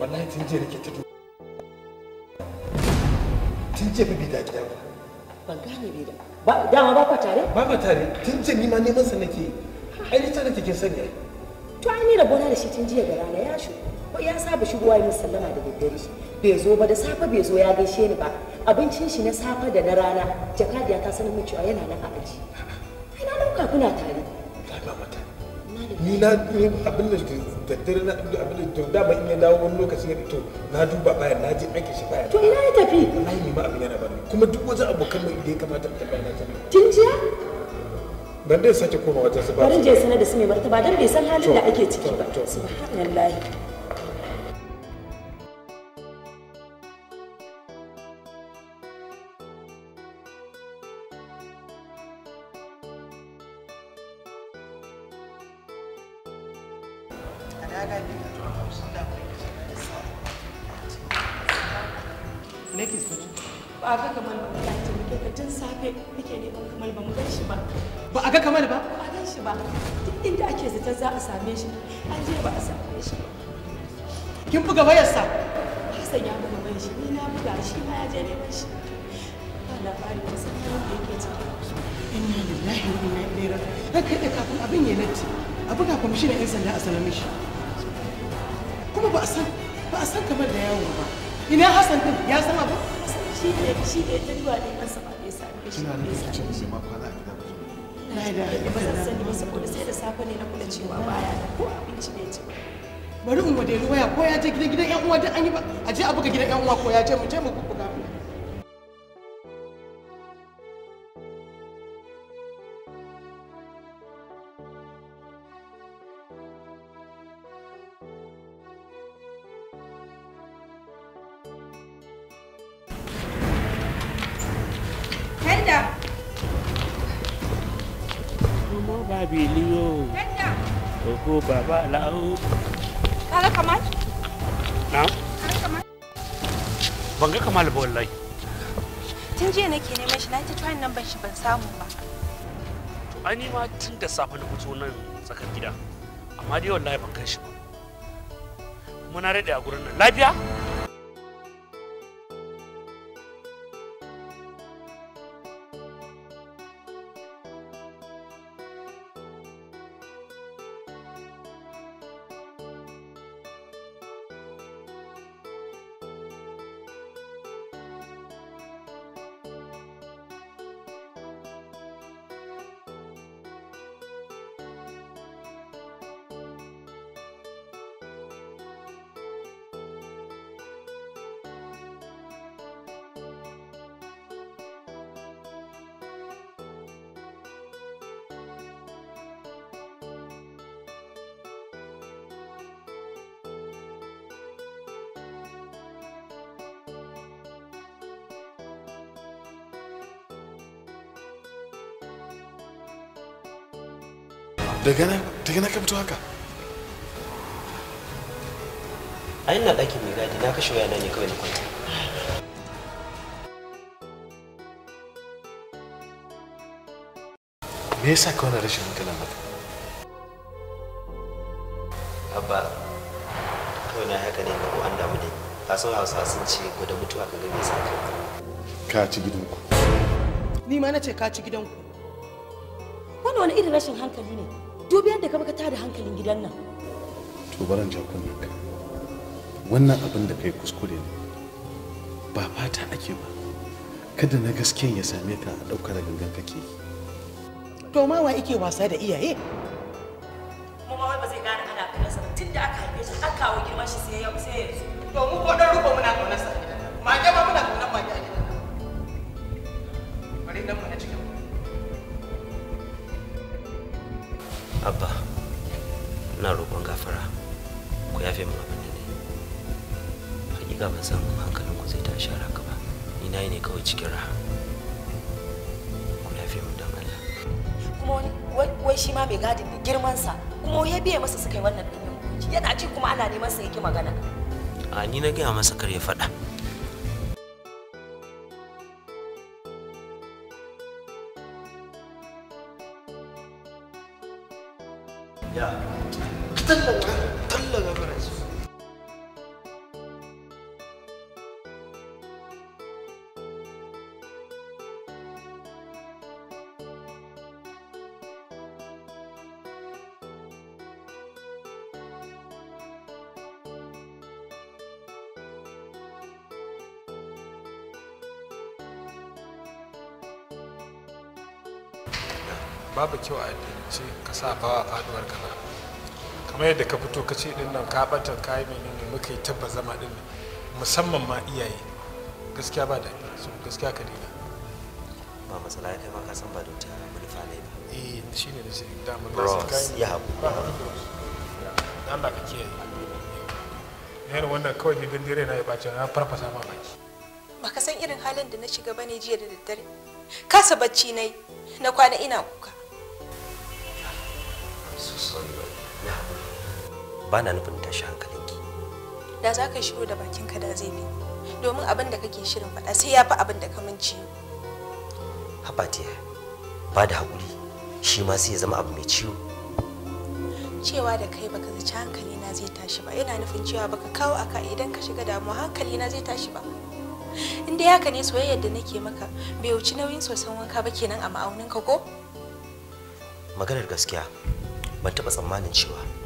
wallahi tun jiya nake ta tun jiya bibi da gidan ban gane bi da ba dama ba ku tare ba ba tare tun jiya ni ma neman sa nake ai ni tare take sani ai to ai ni da gona da shi tun jiya da rana ya shi ko ya saba shigowa ya sallama da daddare bai zo ba da safe bai zo ya gaishe ni ba abincin shi na safe da na rana jakadiya ta sanar min cewa yana nan a aji na dauka kuna tare ni na abin da daddare na to da ba in dawo wani lokaci ya na duba baya na ji aikin shi baya to ina ya tafi wallahi ni abin yana bani kuma duk wajen abokan mai da ya kamata ta bayyana ta tun jiya ban dai sake koma wajen su ba bari je sanar da su mai martaba dan bai san halin da ake ciki ba subhanallahi kin buga wayarsa Hassan ya buga wayar shi ni na buga shi ma ya je neman shi ba labari ba san yadda yake ciki inna lillahi wa inna ilaihi raji'un kai da kafin abin ya latti a buga ne yan sanda a sanar mishi kuma ba a san ba a san kamar da yawo ba ina Hassan din ya san abu shi ne shi ne ta duwa ne kansa ba bai same shi ba bai same shi ba kwana a gida ba na da ba zan sani ba saboda sai da safe ne na kula cewa baya ko abinci bai ci ba bari in da waya ko ya je gidan gidan yan uwa duk an yi ba a je a buga gidan yan uwa ko ya je mu je mu ma tun da safe na fito nan tsakar gida amma dai wallahi ban kai shi ba muna rade a gurin nan lafiya daga nan daga nan ka fito haka a ina ɗakin mai gadi na kashe wayana ne kawai na kwanta me yasa ka wani rashin hankalin haka abba kawai na haka ne ko an damu da ka san hausa sun ce gwada mutuwa ka ga me yasa ka ci gidanku ni ma na ce ka ci gidanku wani wani irin rashin hankali ne dubi yadda ka tada hankalin gidan nan to baran jakunan ka wannan abin da kai kuskure ne ba fata ake ba kada na gaskiyan ya same ka a ɗaukar gangan kake yi to ma wa yake wasa da iyaye kuma wai ba zai gane ana kana tun da aka haife shi aka kawo girma shi sai ya sai yanzu to mu ko dan rubo muna kaunarsa ma ba sai biye masa suka yi wannan ɗin yana ci kuma ana neman sa yake magana a ni na gaya masa kar ya faɗa babu kyau a addinance ka sa bawa faduwar kana kamar yadda ka fito ka ce din nan ka yi kayi menene muka yi tabba zama din musamman ma iyaye gaskiya ba da su gaskiya ka daina ba matsala ya kai ma ka san ba da wata manufa ne ba eh ne da shi da mun ba kai ya haku Allah ka kiyaye yar wannan kawai ni dindire na ya bace na farfasa ma baki ka san irin halin da na shiga bane jiya da daddare kasa bacci nai na kwana ina ba na nufin tashi hankalinki da za ka shiro da bakinka da zai bi domin abin da kake shirin faɗa sai ya fi abin da ka mince haba ba da haƙuri shi ma sai ya zama abu mai ciwo cewa da kai baka zaci hankali na zai tashi ba yana nufin cewa baka kawo aka idan ka shiga damuwa hankali na zai tashi ba in dai haka ne soyayyar da nake maka bai wuci nauyin sosan wanka ba kenan a ma'auninka ko maganar gaskiya ban taɓa tsammanin cewa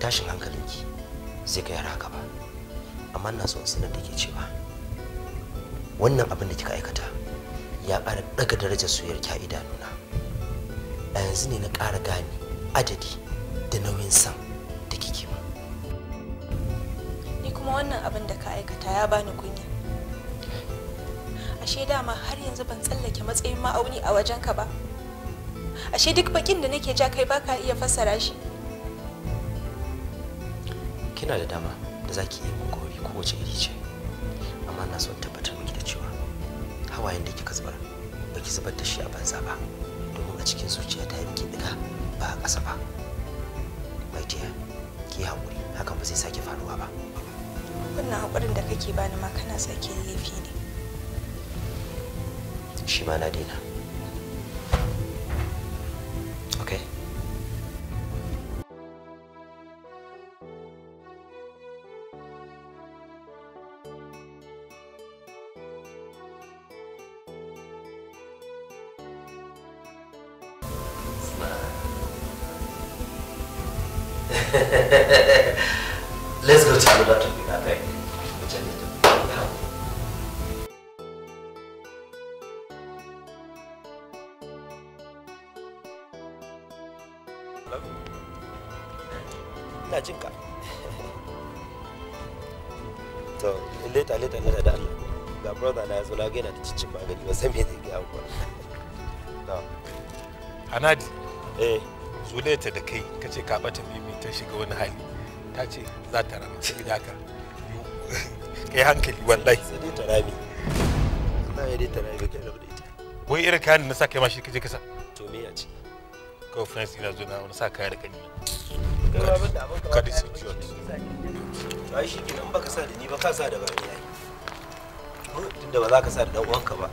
tashin hankalinki sai ka yara haka ba amma na son sanar da ke cewa wannan abin da kika aikata ya ƙara daga darajar soyayyar ki a idanuna a yanzu ne na ƙara gane adadi da nauyin san da kike mu ni kuma wannan abin da ka aikata ya bani kunya ashe dama har yanzu ban tsallake matsayin ma'auni a wajenka ba ashe duk bakin da nake ja kai baka iya fassara shi kina da dama da za ki iya min ko kowace iri ce amma na son tabbatar miki da cewa hawayen da kika zubar ba ki zubar da shi a banza ba domin a cikin zuciya ta yi miki ba a ƙasa ba mai dear ki hakuri hakan ba zai sake faruwa ba wannan haƙurin da kake bani ma kana sake laifi ne shi ma na daina ta shiga wani hali ta ce za ta rama saboda haka yi hankali wallahi sai dai ta rami wallahi dai ta rami kai da ita wai irin kayan na sa kai ma shi kaje kasa to me ya ce kawai friends ina zo na wani sa kayan da kani ka da secure ai shi kenan baka sa da ni ba ka sa da ba ni tunda ba za ka sa da dan uwanka ba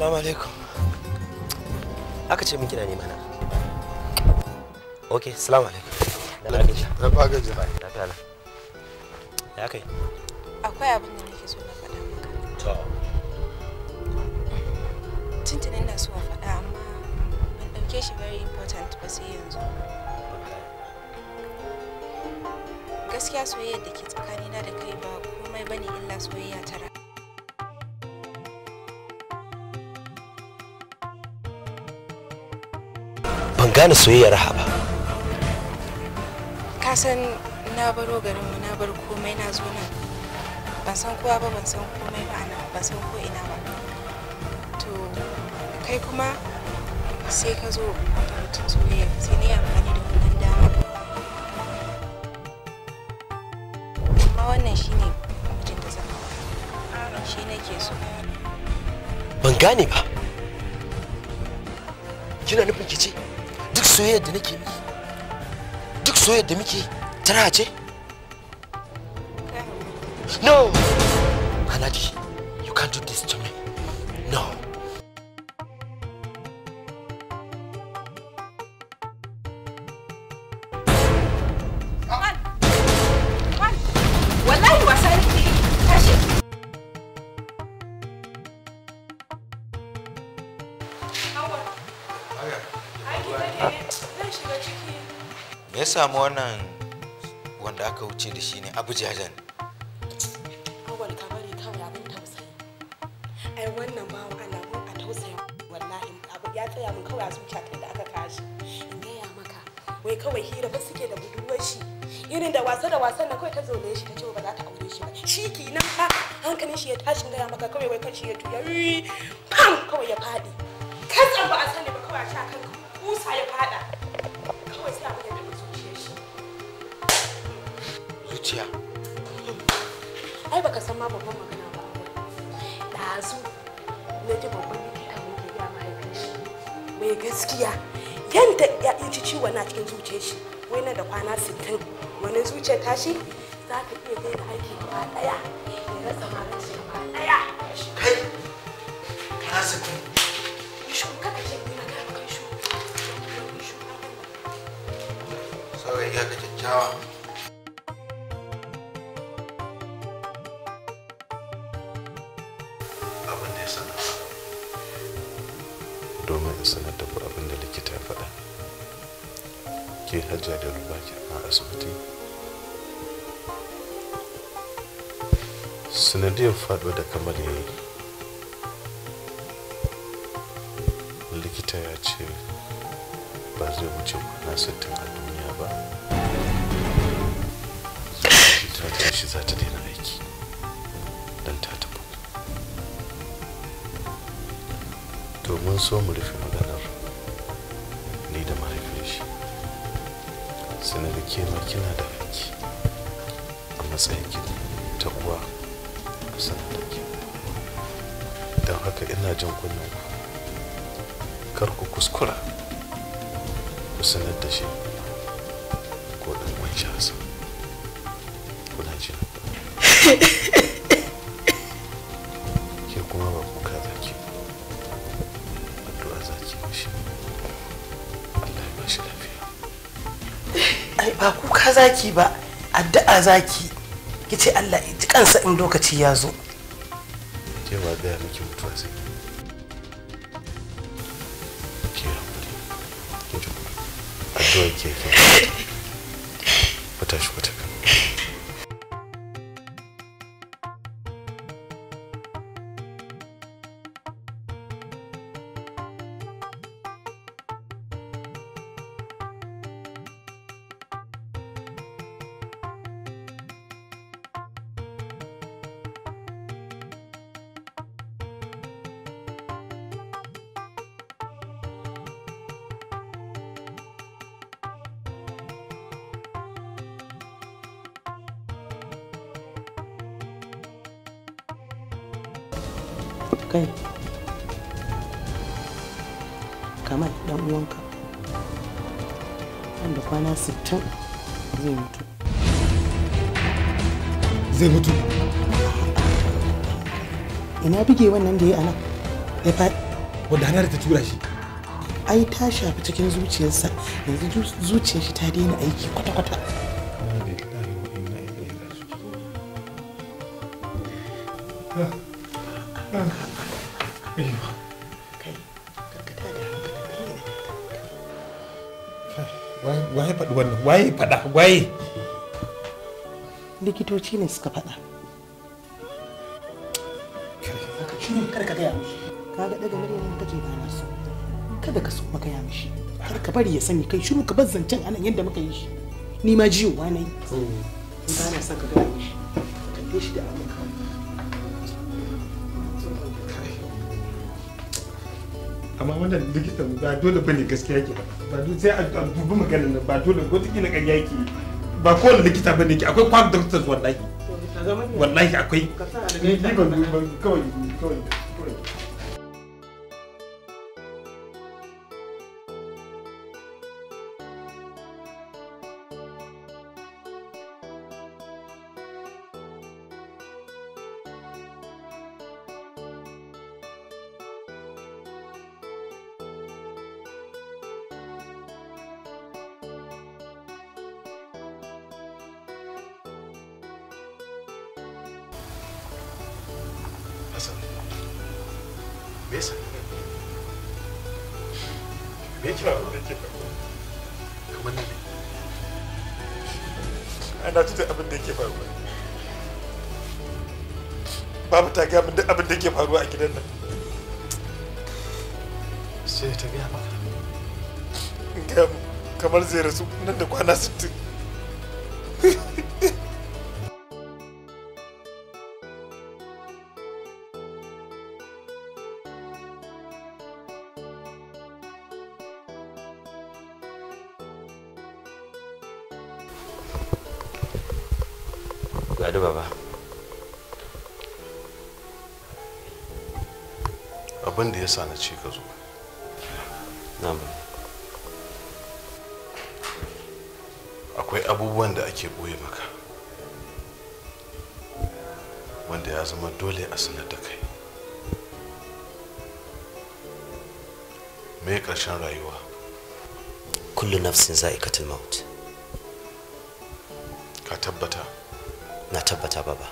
Assalamu alaikum. Aka ce miki na nema na. Okay, assalamu alaikum. Na ba gaji. Na fi ala. Ya kai. Akwai abin da nake so na faɗa maka. To. Tintin ina so a faɗa amma ban dauke shi very important ba sai yanzu. Gaskiya soyayya da ke tsakanina da kai ba komai bane illa soyayya tara. gane soyayyar raha ba ka san na baro garinmu na bar komai na zo nan ban san kowa ba ban san komai ba nan ban san ko ina ba to kai kuma sai ka zo da mutum soyayya sai na amfani da wannan dama amma wannan shine mijin da zama shi nake so ban gane ba soyayyar da nake miki duk soyayyar da muke tana ce no alhaji samu wannan wanda aka wuce da shi ne abu jajan awal ka bari kawai abin tausayi ai wannan bawan Allah mun a tausayi wallahi abu ya tsaya mun kawai a zuciya kai da aka kashi in gaya maka wai kawai hira ba suke da budurwar shi irin da wasa da wasan na kawai ta zaune shi ta ce ba za ta aure shi ba shi kenan fa hankalin shi ya tashi gaya maka kawai wai kan shi ya tuya zuciyar tashi za ka iya daina aiki gaba ɗaya faɗo da kamar ya yi likita ya ce ba zai wuce kwana sittin a duniya ba ta zata shi za ta daina aiki don ta tabu domin so mu rufe maganar ni da mahaifin shi sanar da kema kina da aiki a matsayin ta uwa kusa da nake don haka ina jin kunnen kar ku kuskura ku sanar da shi ko ɗan wani shasa kuna jin ke kuma ba kuka zaki addu'a zaki mishi Allah ya bashi lafiya ai ba kuka zaki ba addu'a zaki kice Allah kansa in lokaci ya zo cewa gaya miki mutuwa sai ke hakuri ke addu'a ke ke shafi cikin zuciyarsa yanzu zuciyar shi ta daina aiki kwata-kwata waye faɗi wannan waye faɗa waye likitoci ne suka faɗa bari ya sani kai shiru ka bar zancen anan yadda muka yi shi ni ma na yi oh. ba na gane shi kalle shi da amma wannan likita ba dole bane gaskiya yake ba dole sai a dubi maganar ba dole ko na ba kowane likita bane akwai kwan doctors wallahi wallahi akwai ni ban kawai kawai kamar ne ana tuta abin da yake faruwa babu ta gaya duk abin da yake faruwa a gidan nan sai kamar zai rasu nan da kwana sittin yasa na akwai abubuwan da ake ɓoye maka wanda ya zama dole a sanar da kai me ƙarshen rayuwa kullu nafsin za'ikatul maut ka tabbata na tabbata baba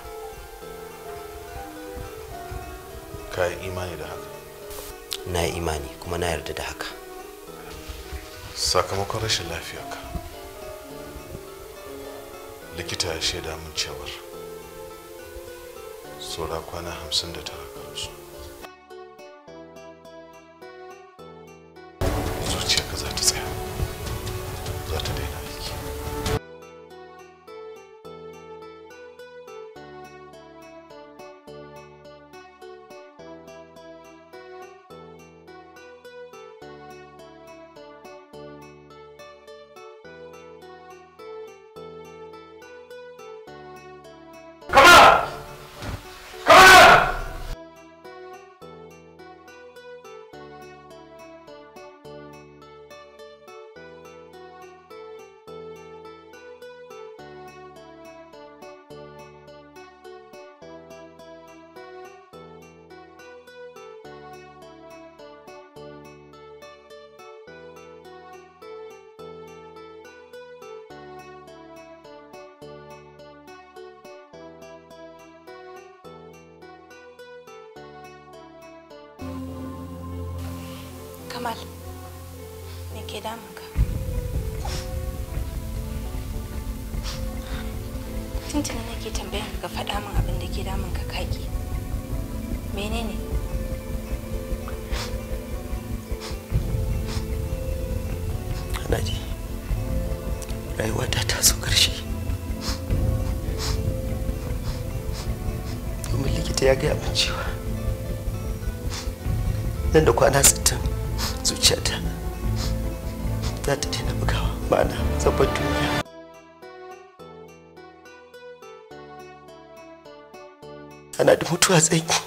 ka yi imani da haka na yi imani kuma na yarda da haka sakamakon rashin lafiyarka likita ya shaida min cewar tsora kwana 59 it?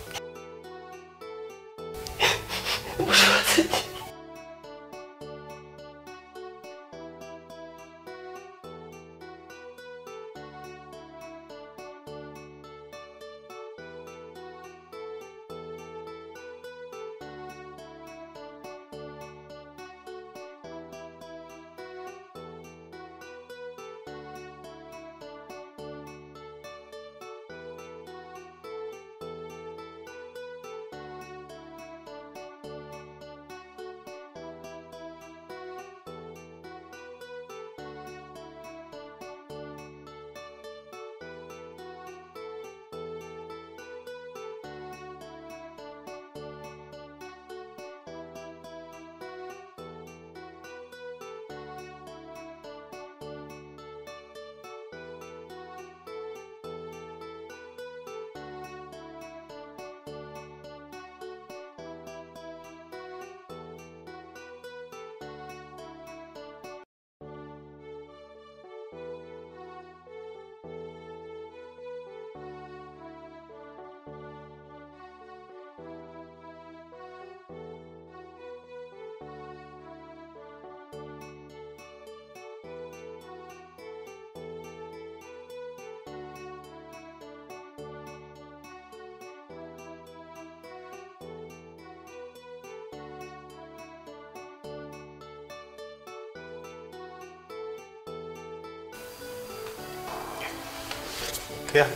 يا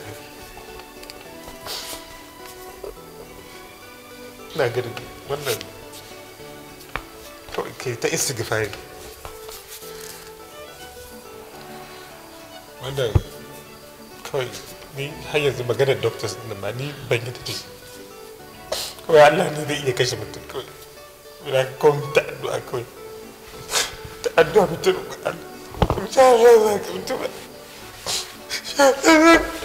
na girgi wannan to ke ta istighfari wannan kawai ni har yanzu maganar doctors din ma ni ban yi tafi kawai Allah ne zai iya kashe mutum kawai na kawai ta addu'a kawai ta addu'a mutum ba Allah mutum ba 嗯。ん、う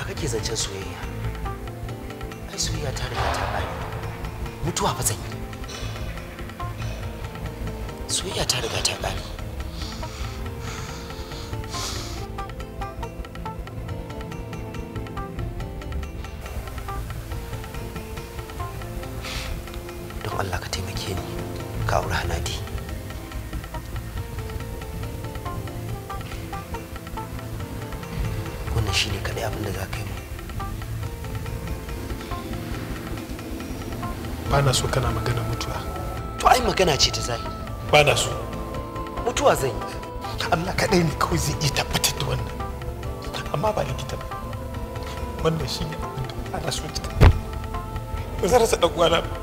ya kake zancen soyayya ai soyayya ta riga ta ƙare mutuwa fa zan yi soyayya ta riga ta ƙare ba na so kana magana mutuwa to ai magana ce ta zai. ba na so mutuwa zai Allah kaɗai ne kawai zai iya tabbatar da wannan amma ba likita ba wannan shi ne abin da ba na so ta ba zara sa ɗan na ba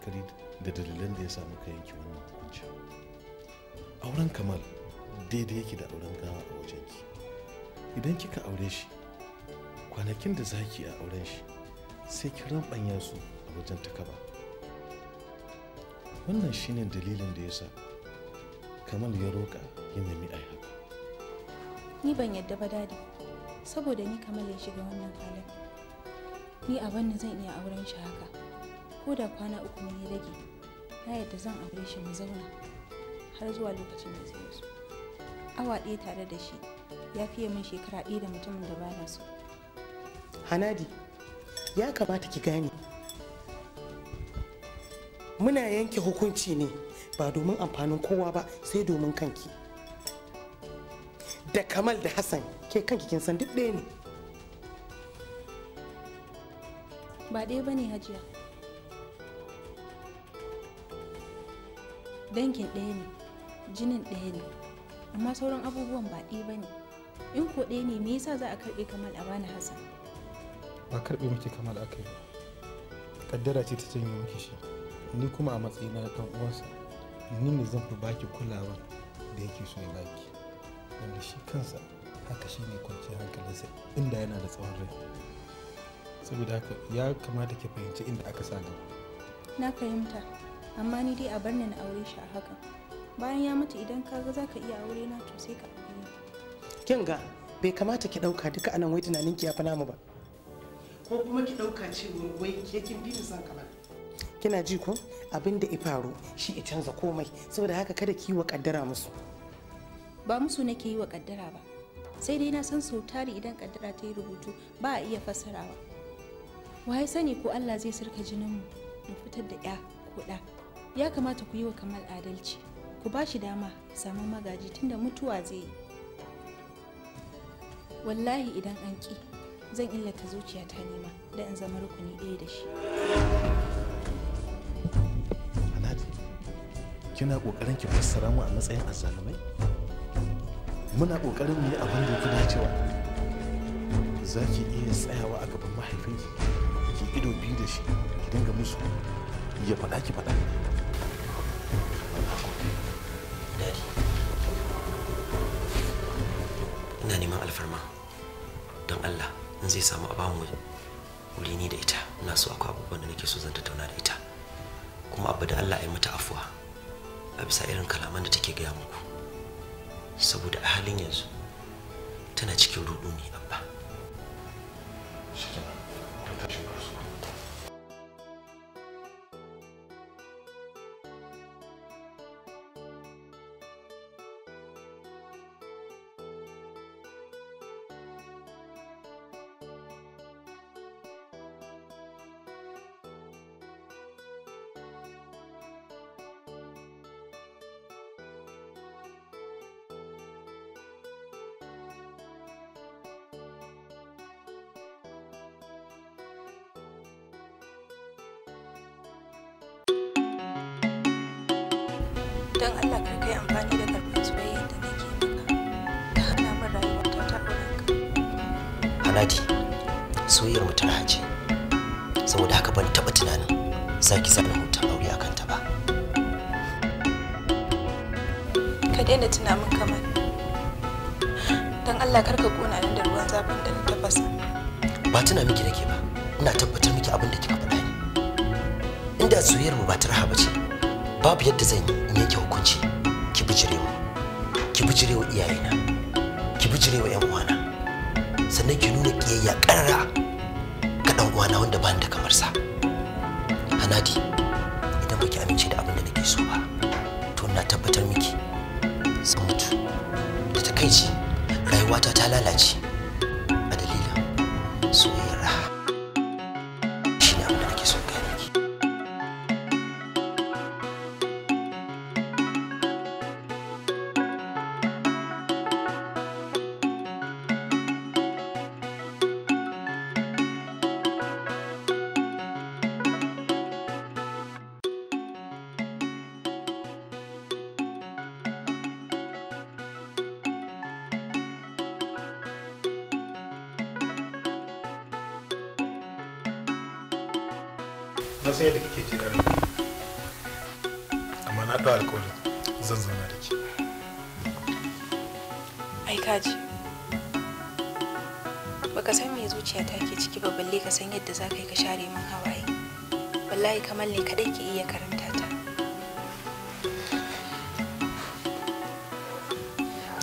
la'akari da dalilan da ya samu ka yanke wannan hukunci auren kamar daidai yake da auren gawa a wajen ki idan kika aure shi kwanakin da zaki a auren shi sai ki rabanya su a wajen takaba wannan shine dalilin da ya sa kamar ya roƙa ya nemi a haka ni ban yadda ba dadi saboda ni kamal ya shiga wannan halin ni abin da zan iya auren shi haka ko da kwana uku ne ya rage na yadda zan aure shi mu zauna har zuwa lokacin da zai so awa ɗaya tare da shi ya fiye min shekara ɗaya da mutumin da bana so hanadi ya kamata ki gane muna yanke hukunci ne ba domin amfanin kowa ba sai domin kanki da kamal da hassan ke kanki kin san duk ɗaya ne ba ɗaya ba ne hajiya dangin ɗaya ne jinin ɗaya ne amma sauran abubuwan ba ɗaya ba ne in ko ɗaya ne me yasa za a karɓe kamal a bani hasan ba karɓe miki kamal aka yi kaddara ce ta janye miki shi ni kuma a matsayina na ɗan uwansa ni ne zan fi baki kulawa da yake so ya baki wanda shi kansa haka shi ne kwanciyar hankalinsa inda yana da tsawon rai saboda haka ya kamata ki fahimci inda aka sa gaba na fahimta amma ni dai a bar ni na aure shi a haka bayan ya mutu idan ka ga zaka iya aure na to sai ka aure ni kin ga bai kamata ki dauka duka anan wai tunanin ki ya fana mu ba ko kuma ki dauka cewa wai ke kin bi ni san kamar kina ji ko abin da faru shi ya canza komai saboda haka kada ki yi wa kaddara musu ba musu nake yi wa kaddara ba sai dai na san sau tari idan kaddara ta yi rubutu ba a iya fassarawa waye sani ko allah zai sirka jinin mu fitar da ya ko ɗa ya kamata ku yi wa kamal adalci ku ba shi dama samun magaji tunda mutuwa zai yi wallahi idan an ƙi zan illata zuciya ta nema da in zama rukuni ɗaya da shi alhaji kina ƙoƙarin ki fassara mu a matsayin azzalumai muna ƙoƙarin mu yi abin da ya fi dacewa za ki iya tsayawa a gaban mahaifinki ki ido biyu da shi ki dinga musu ya faɗa ki faɗa neman alfarma don Allah in zai samu a bamu wuri ni da ita ina so akwai abubuwan da nake so zan tattauna da ita kuma abu da Allah ya mata afuwa a bisa irin kalaman da take gaya muku saboda a halin yanzu tana cikin rudu ne abba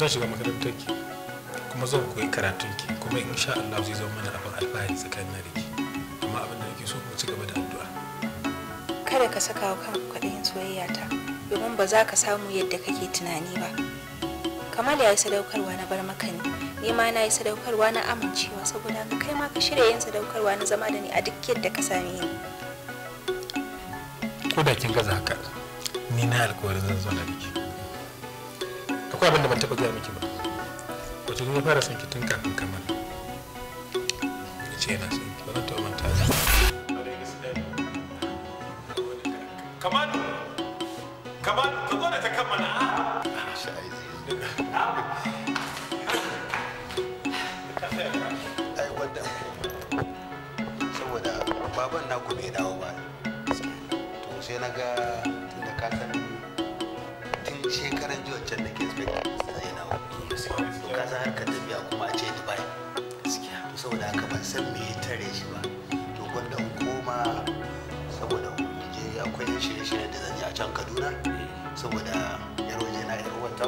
shiga makarantar kuma zan koyi karatun ki kuma in sha Allah zai zama mana abin alfahari tsakanin da riki amma abin da nake so ku ci gaba da addu'a kada ka saka wa kanka kwaɗayin soyayya ta domin ba za ka samu yadda kake tunani ba kamar ya yi sadaukarwa na bar maka ne ni ma na yi sadaukarwa na amincewa saboda ka kai ma ka shirya yin sadaukarwa na zama da ni a duk yadda ka same ni ko da kin gaza haka ni na alkawarin zan zo na akwai abin da ban taba gaya miki ba wato ni fara son ki kafin kamar ce da kamar kamar ka na ku ba to sai na ga tun ka san tun shekaran can ke san me ya tare shi ba to gwanda koma saboda je akwai shirye-shirye da zan yi a can kaduna saboda yar waje na yar wata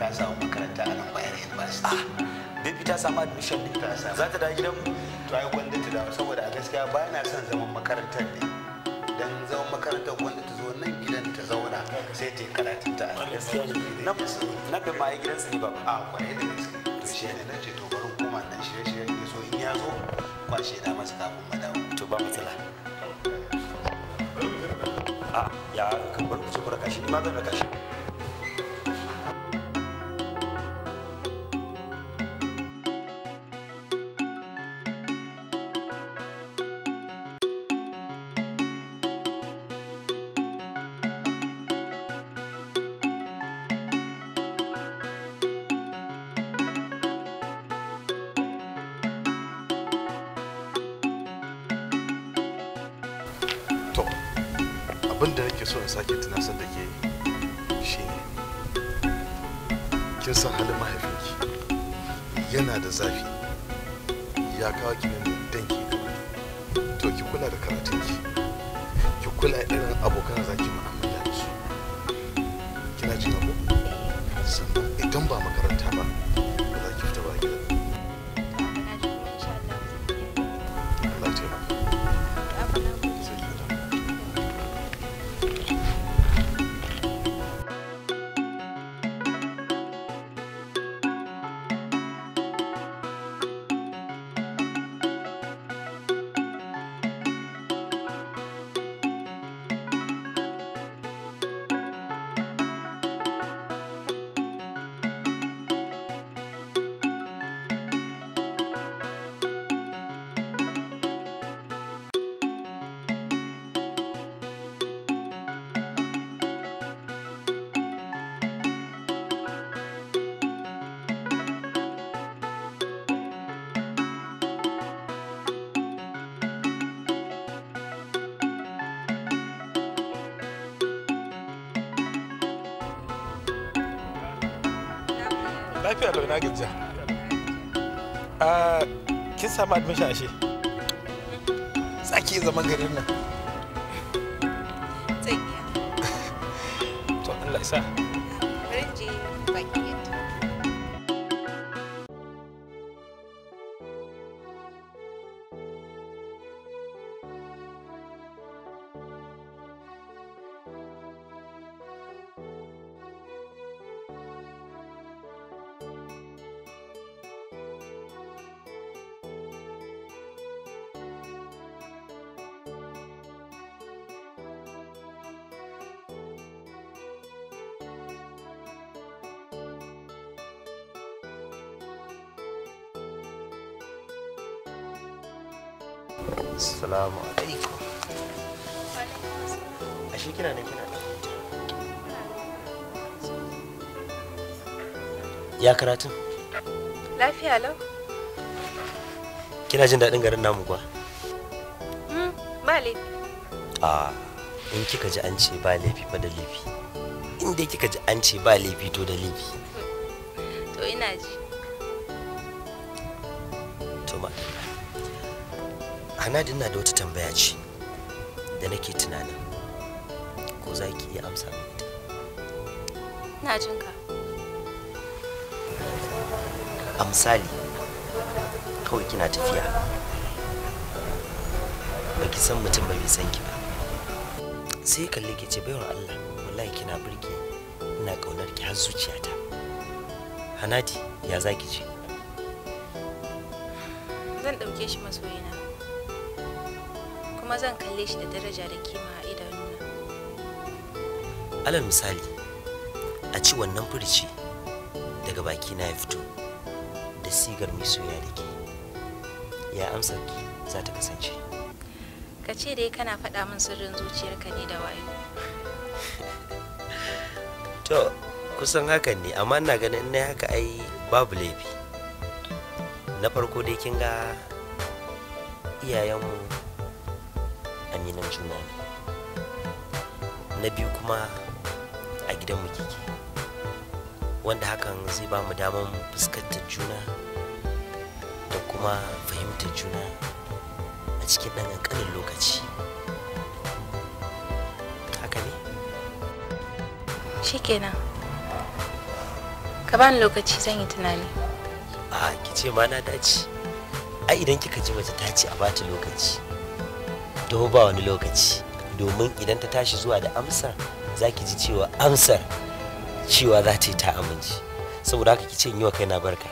ta samu makaranta a nan bayan university ah, baby ta samu admission ne ta samu za ta da gidan to ai gwanda ta dawo saboda a gaskiya ba na son zaman makarantar ne dan zaman makarantar gwanda ta zo nan gidan ta zauna sai ta yi karatun ta a gaskiya na na ga ma gidansa ne ba a ah, kwaye da gaske to shi ne na ce to bari koma nan shirye-shirye zo kwashe da masa kafin mu dawo to ba matsala a ah, ya kan bar ku ci ni ma zan raka shi samu admission ashe. Tsaki zaman garin nan. Assalamu alaikum. Ya karatun? Kina jin daɗin garin namu hmm, ba laifi. Ah, in kika ji an ce ba laifi ba da laifi. In dai kika ji an ce ba laifi to da laifi. hanadi na da wata tambaya ce da nake tunanin ko za ki iya amsa da ita na jin ka a misali kawai kina tafiya ba ki san mutum ba bai san ki ba sai kalle ki ce baiwar Allah wallahi kina burge ina kaunar ki har zuciyata Hanadi ya zaki ce zan ɗauke shi masoyina kuma zan kalle shi da daraja da kima a idanuna alal misali a ci wannan furici daga baki na ya fito da sigar mai soya da ke ya amsa ki za ta kasance ka ce dai kana faɗa min sirrin zuciyarka ne da wayo to kusan hakan ne amma na ganin na haka ai babu laifi na farko dai kin ga iyayenmu juna ne na biyu kuma a gidan mu kike wanda hakan zai ba mu damar fuskantar juna da kuma fahimtar juna a cikin ɗan ƙanƙanin lokaci haka ne shikenan ka bani lokaci zan yi tunani a ki ce ma na dace ai idan kika ji mace ta ce a bata lokaci to ba wani lokaci domin idan ta tashi zuwa da amsar za ki ji cewa amsar cewa za ta yi ta amince saboda haka ki ce yi wa kaina barka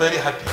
very happy.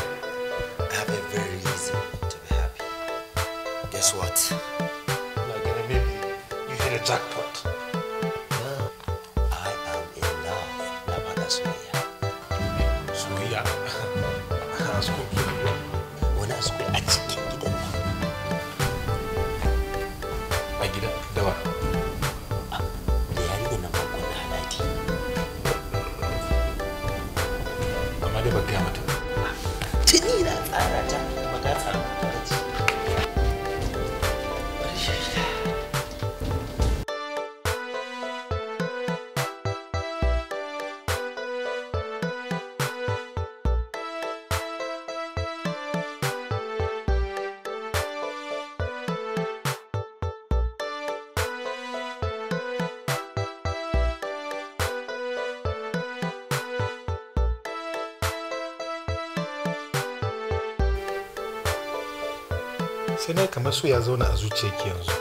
sai na kamar so ya zauna a zuciya ki yanzu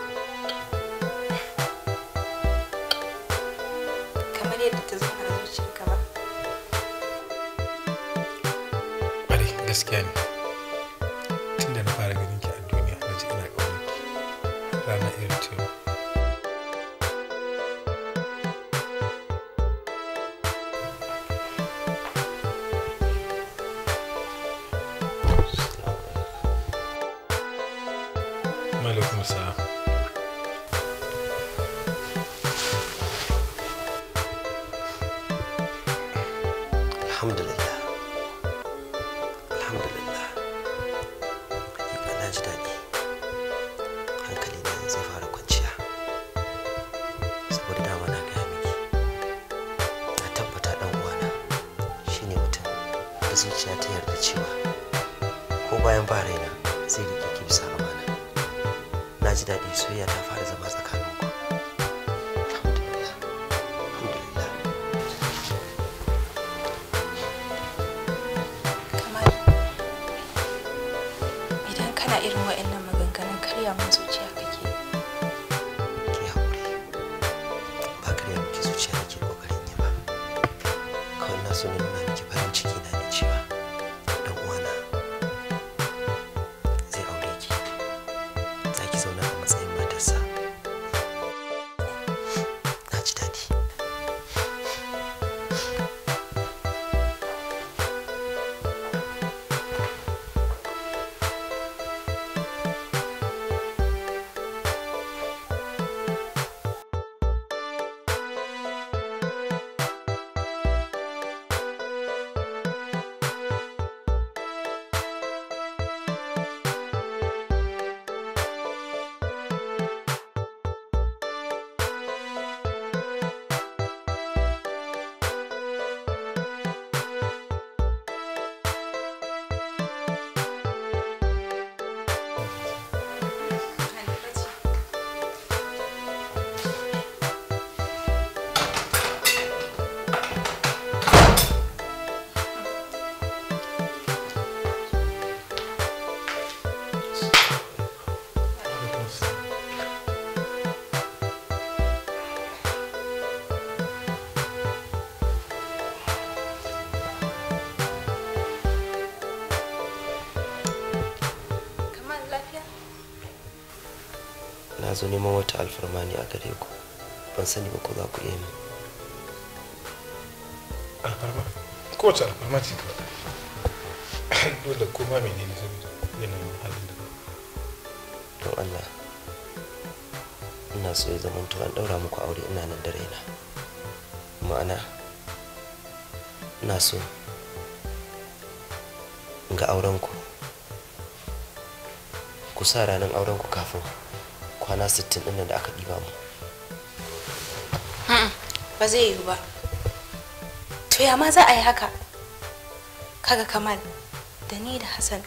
wata alfarma ne a gare ku ban sani ba ko za ku iya min alfarma ko ta alfarma ce ta dole ko ma menene saboda yanayin halin da to Allah ina so ya zama to an daura muku aure ina nan da raina ma'ana ina so ga aurenku ku sa ranar aurenku kafin kwana 60 ɗin da aka ɗiba mu ba zai yiwu ba to ya ma za a yi haka kaga kamal da ni da hassan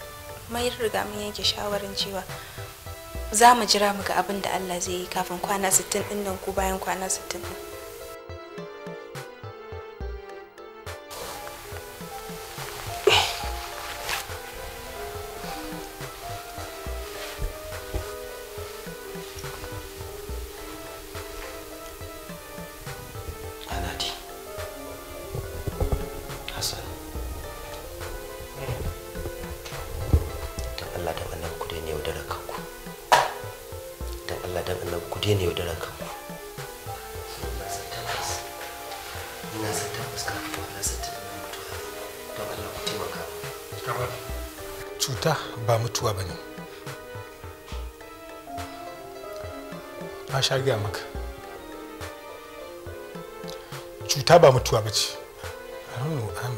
mai riga mun yanke shawarin cewa za mu jira mu ga abin da allah zai yi kafin kwana 60 din nan ko bayan kwana 60 din. sha gaya maka cuta ba mutuwa ba ce i don't know i'm,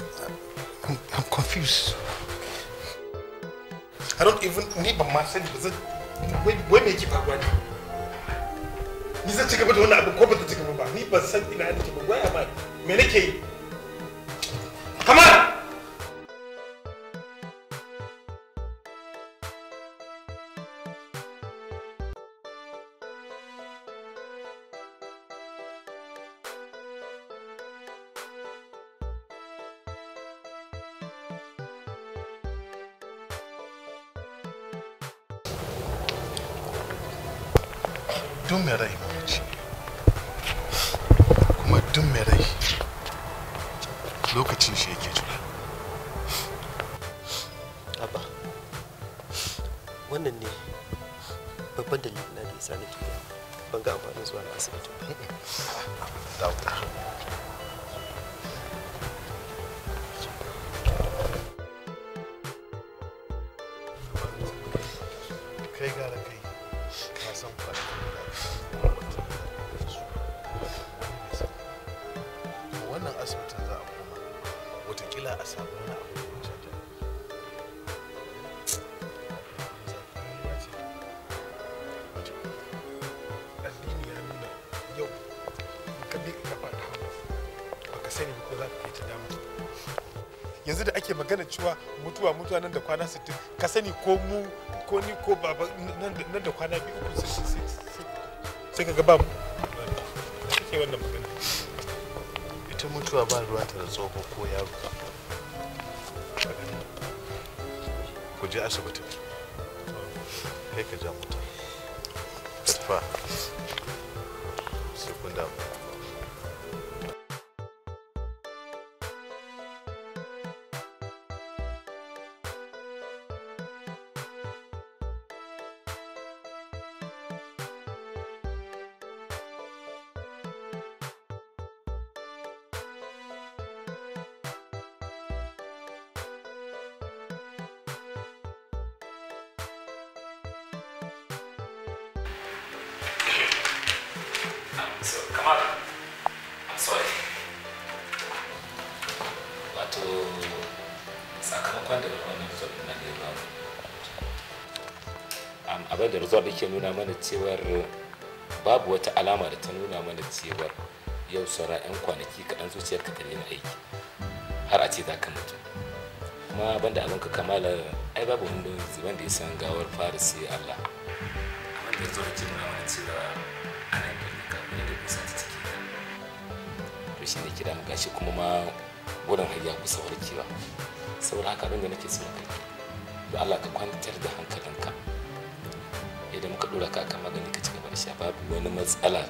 I'm, I'm confused i don't even ni ban ma sani ba zan wai me yake faruwa ne ni zan ci gaba da wannan abin ko ba zan ci ba ni ban san ina nake ba wai amma me nake yi Tung aí. yanzu da ake magana cewa mutuwa mutuwa nan da kwana 60 ka sani ko mu ko ni ko baba nan da kwana biyu uku sai ka ga ba ke wannan magana ita mutuwa ba ruwa ta zo ko ko yaro ku je asibiti kai ka ja mutuwa Mustafa da ke nuna mana cewar babu wata alama da ta nuna mana cewar yau saura 'yan kwanaki kaɗan zuciyar ka na aiki har a ce za ka mutu kuma ban abin ka kamala ai babu wanda ya san gawar fara sai Allah amma da zuwa ce nuna mana cewa ana ganin ka kuma da kusa ta ciki to shi ne kira mu gashi kuma ma wurin hayya kusa warkewa saboda haka abin da nake so kai to Allah ka kwantar da hankalinka ka dora ka magani ka cika gaba da babu wani matsala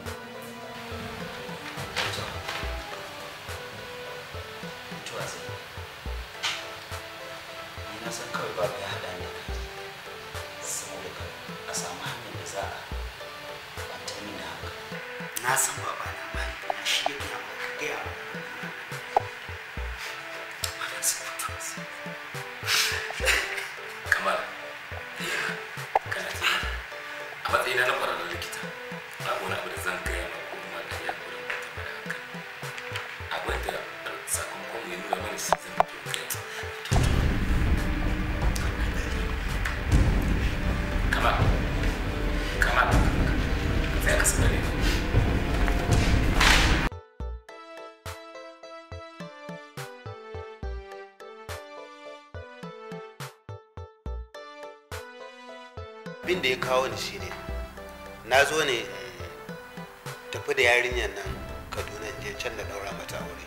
kawo ni ne, na zo ne eh, tafi da yarinyar nan kaduna je can da daura mata aure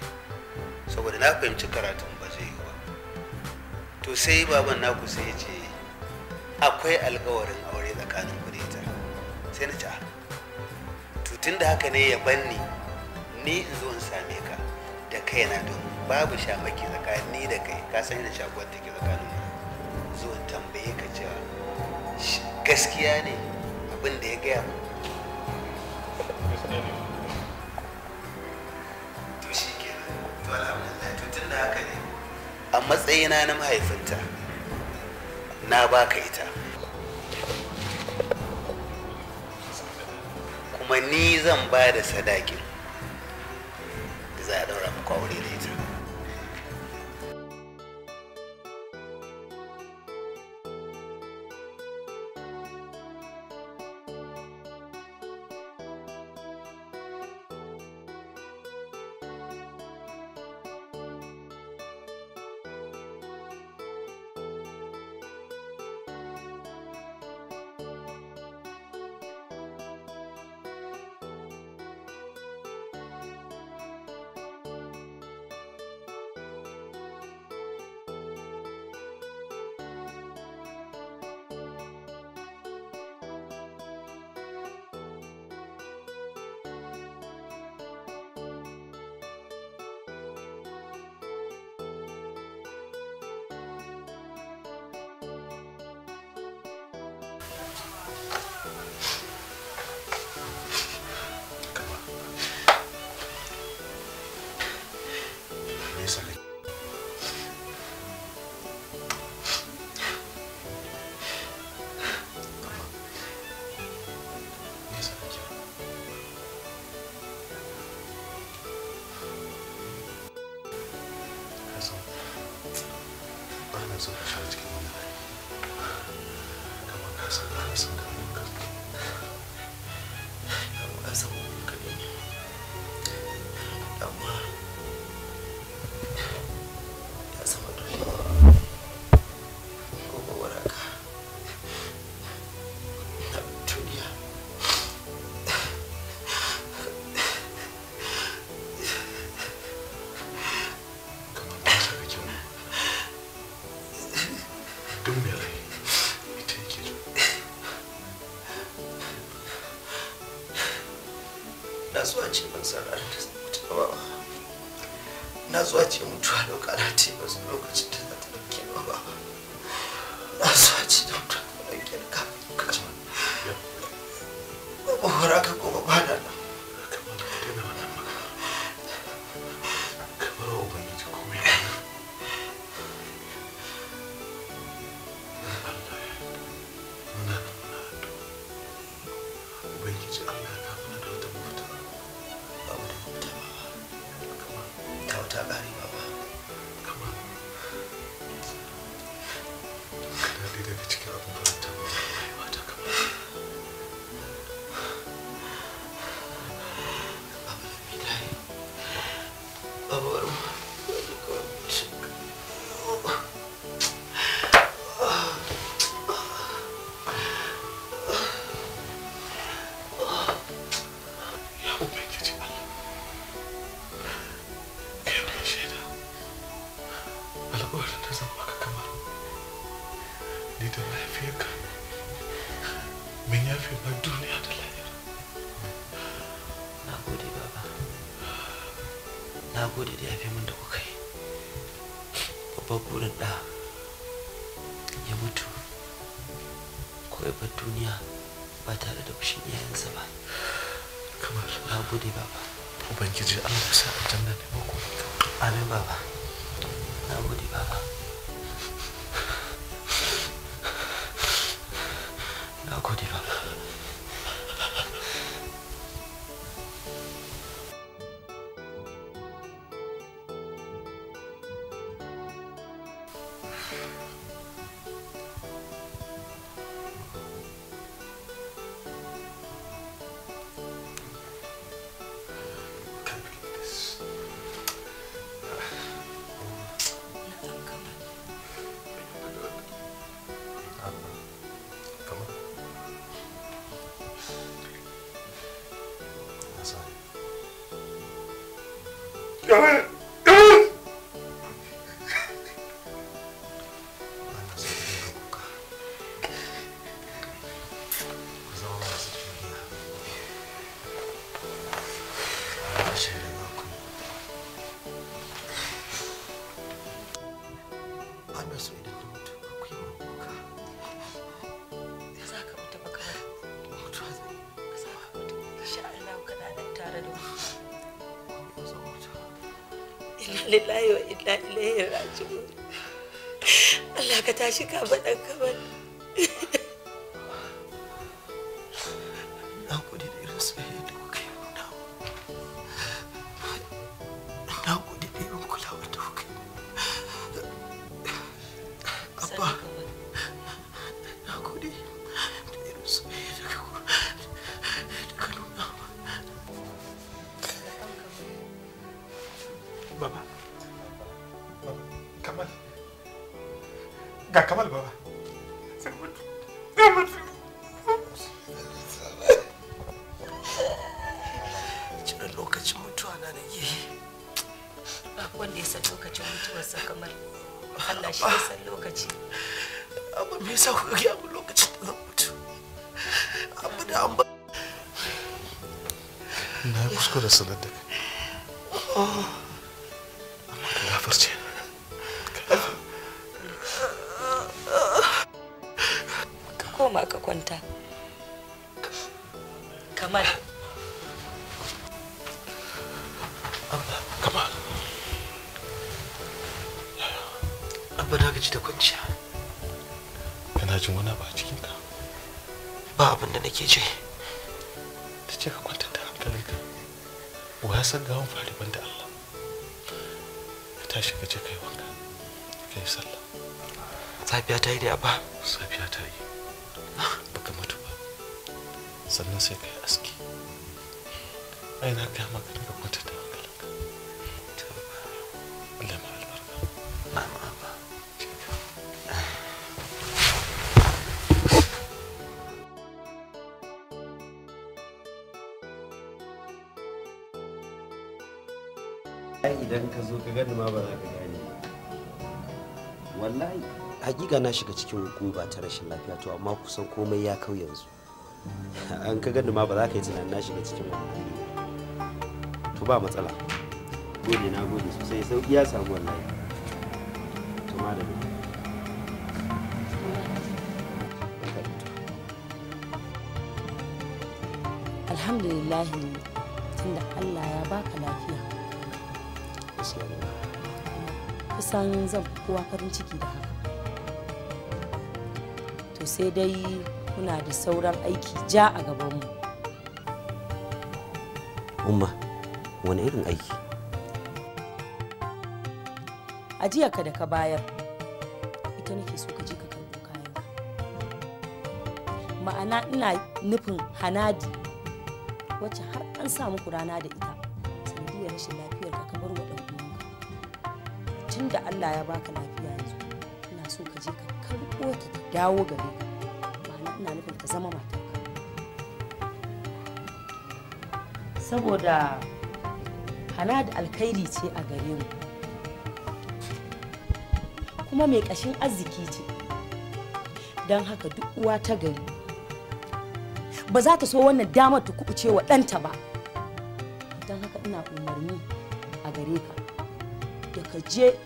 saboda na fahimci karatun ba zai yi ba to sai baban naku sai ce akwai alkawarin aure tsakanin ku ita sai na ci ah, to tun da haka ne ya banni ni in zo in same ka da kai na don babu shamaki ni da kai kasan san da shakuwar take tsakanin gaskiya ne abin da ya gaya mu to shi to alhamdulillah a matsayina na mahaifinta na baka ita kuma ni zan ba da sadakin za a daura muku aure ne na gode da yafe min da kuka yi babban burin ɗa ya mutu ko ya duniya ba tare da kushin iyayensa ba kamar na gode baba ubangiji allah sa aljanna ne ba amin baba na gode baba na gode baba ke ce ta ce ka kwantar da hankalinka wa ya san gawan fari banda Allah ka tashi ka je kai wanka ka yi sallah safiya ta yi da abba safiya ta yi baka mutu ba sannan sai ka yi aski ai na kai maka wallahi hakika na shiga cikin hukuma ta rashin lafiya to amma kusan komai ya kau yanzu an ka gani ma ba za ka yi tunanin na shiga cikin wannan to ba matsala gode na gode sosai sauki ya samu wallahi to ma da alhamdulillah tunda Allah ya baka lafiya san zan kowa farin ciki da haka to sai dai kuna da sauran aiki ja a gabanmu umma wani irin aiki ajiyarka da ka bayar ita nake so ka je ka karbo kayan ma'ana ina nufin hanadi wacce har an sa muku rana da ita Allah ya baka lafiya yanzu ina so ka je ka karɓo ta ta dawo gare ka ma'ana ina nufin ka zama matarka saboda hana da alkhairi ce a gare mu kuma mai ƙashin arziki ce don haka duk uwa ta gari ba za ta so wannan damar ta kuɓuce wa ɗanta ba don haka ina umarni a gare ka da ka je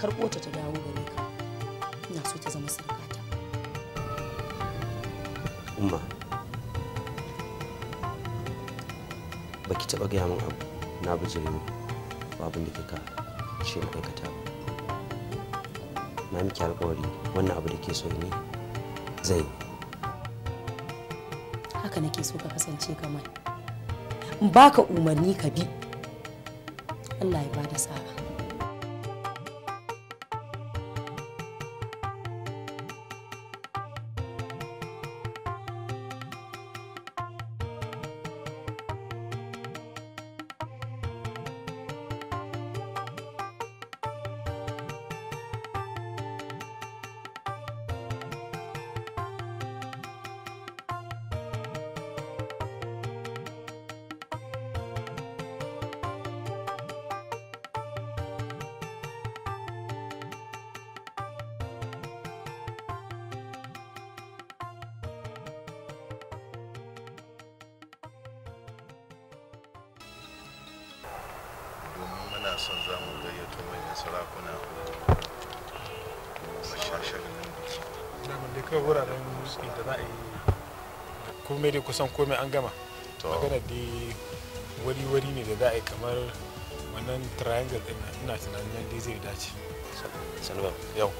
karɓo ta ta dawo gare ka ina so ta zama sarkata umma baki taɓa gaya min abu na bijire ba abin da kika ce na aikata ba na miki alƙawari wannan abu da ke so ne zai haka nake so ka kasance kamar baka umarni ka bi Allah ya bada sa'a kusan komai an gama magana da wari-wari ne da za a yi kamar wannan triangle din ina tunanin yadda zai dace salwa yau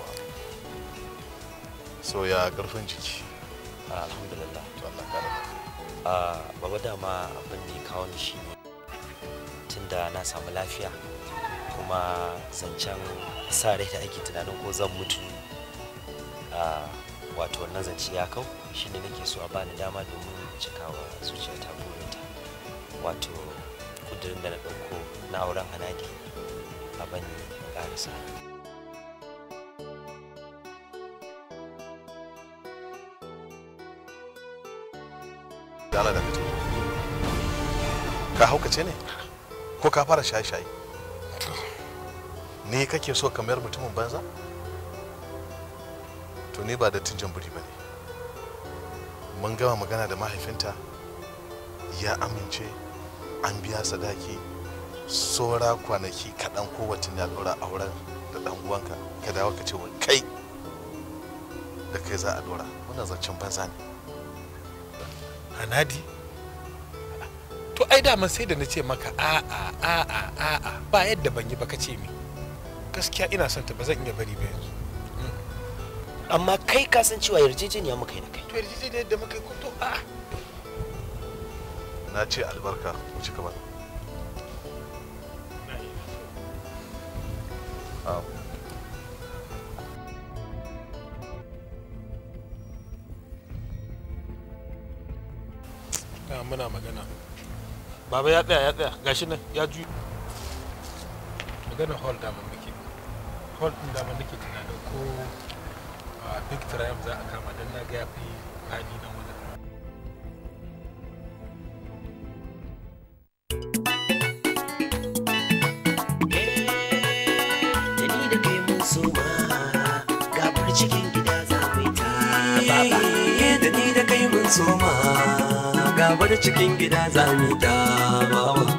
so ya karfin jiki ah, alhamdulillah to Allah ka a ah, baba dama abin da ya kawo ni shi ne da na samu lafiya kuma zancen sa rai da ake tunanin ko zan mutu ah, wato wannan zance ya kau shine nake so a bani dama domin cikawa zuciyata burinta wato kudurin da na ɗauko na auren hanaki a bani ƙarasa Dala da fito. Ka haukace ne? Ko ka fara shaye-shaye? ne kake so kamar mutumin banza? To ni ba da tinjan buri ba ne. mun gama magana da mahaifinta ya amince an biya sadaki saura kwanaki kaɗan kowacin ya ɗora auren da ɗan uwanka ka dawo ka ce wa kai da kai za a ɗora wannan zancen banza ne hanadi to ai dama sai da na ce maka a'a a'a a'a ba yadda ban yi ba ka ce mi gaskiya ina son ta ba zan iya bari ba yanzu amma kai ka san cewa yarjejeniya muka yi na kai to yarjejeniya da muka yi ko to a na ce albarka ku ci gaba ah, muna magana baba ya tsaya ya tsaya gashi nan ya juyi magana hall damar muke hall din damar muke tana da ko big triumph za a kama don na ga fi hadi na wajen eh, da da kai mun soma gabar cikin gida za mu ta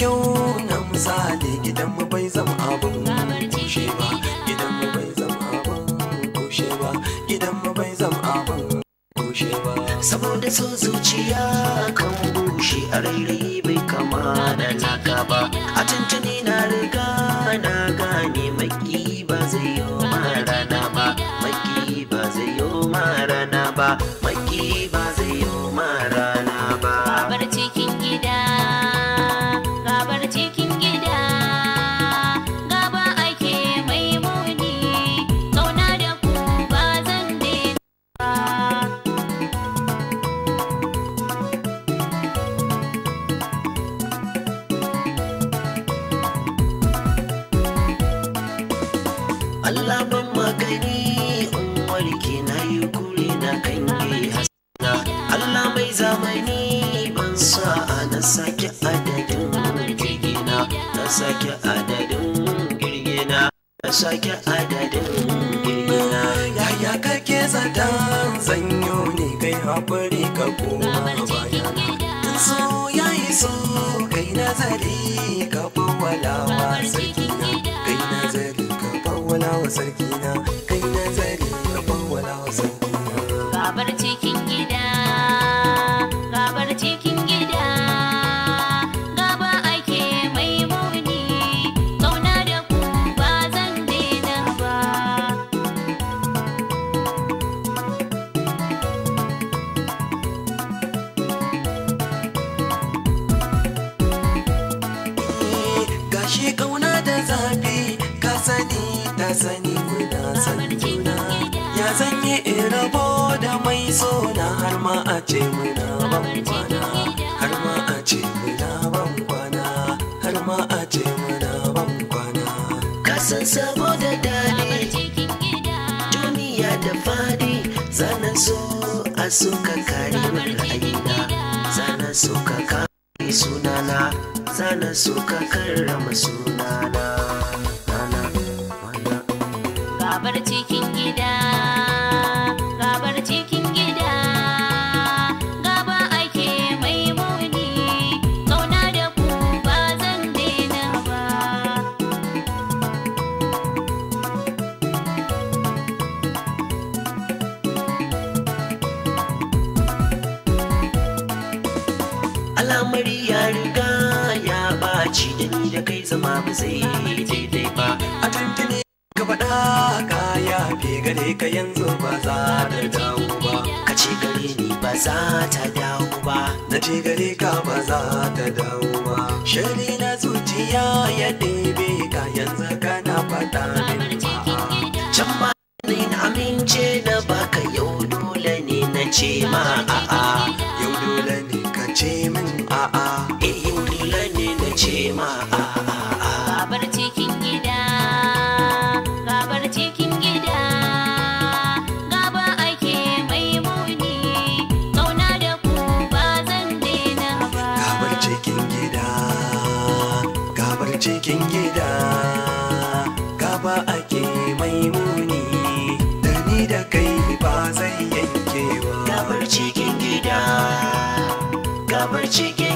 kyau na misali gidan mu bai zama abun kushe ba gidan mu bai zama abun kushe ba gidan mu bai zama abun kushe ba saboda so zuciya kan bushe a rairayi bai kama da naka ba a tuntuni na riga na gane maki ba zai yi ma rana ba maki ba zai yi ma rana ba maki ba cikin gida gaba ake maimuni da ni da kai ba zai yanke ba gabar cikin gida gabar cikin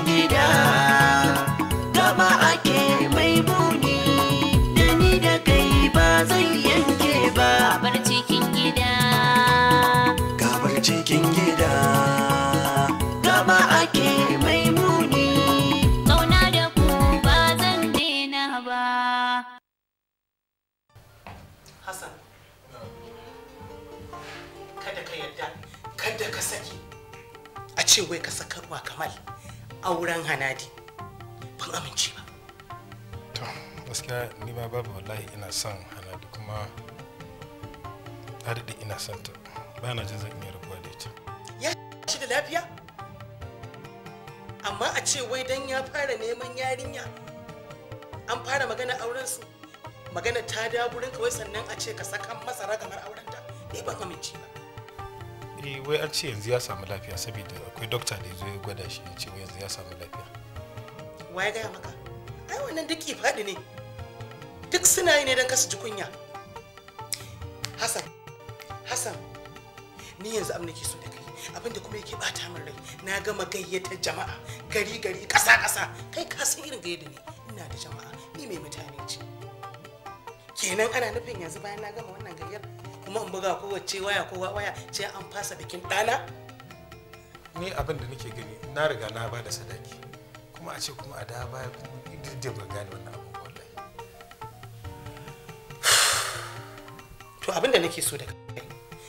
ce wai ka sakarwa kamal wurin hanadi ban amince ba to gaskiya ni ma babu wallahi ina son hanadi kuma adadi ina son ta ba na jin zan iya rabuwa da ita ya shi da lafiya amma a ce wai dan ya fara neman yarinya an fara magana auren su magana ta da gurin kawai sannan a ce ka saka masa ragamar auren ta ni ban amince ba eh wai an ce yanzu ya samu lafiya saboda akwai dokta da zo ya gwada shi ya ce wai yanzu ya samu lafiya waye gaya maka ai wannan duk faɗi ne duk suna yi ne don kasu ji kunya Hassan Hassan, ni yanzu am ke so da kai abinda kuma yake bata min rai na gama gayyata jama'a gari gari ƙasa ƙasa kai ka san irin gayyata ne ina da jama'a ni mai mutane ce kenan ana nufin yanzu bayan na gama wannan gayyar kuma in buga kowace waya ko waya ce an fasa bikin ɗana ni abin da nake gani na riga na ba da sadaki kuma a ce kuma a da baya kuma duk da ban gane wannan abu wallahi to abin da nake so da kai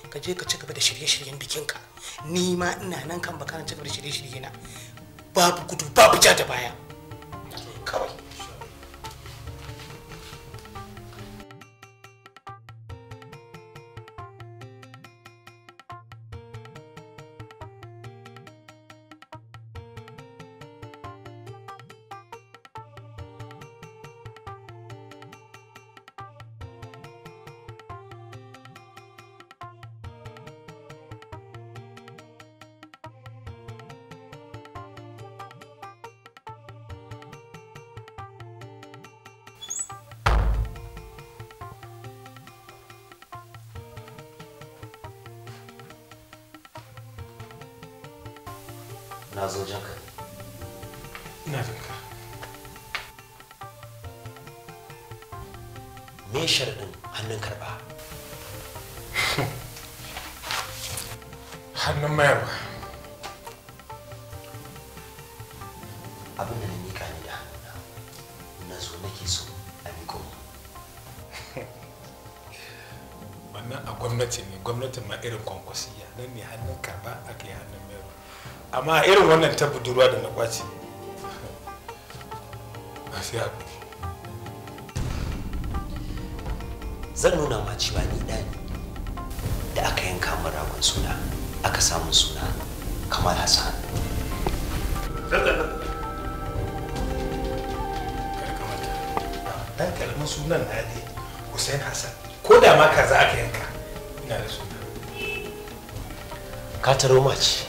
ka je ka ci gaba da shirye-shiryen bikinka ni ma ina nan kan baka ci gaba da shirye shiryena babu gudu babu ja da baya kawai gwamnatin ma irin kwankwasiya nan ne hannun karba aka yi hannun mero amma irin wannan ta budurwa da na kwaci ba zan nuna ma cewa ni ɗani da aka yanka min ragon suna aka samu suna kamar hassan dan kalmar sunan na hussein hassan ko da ma kaza aka yanka ina da suna ka taro much.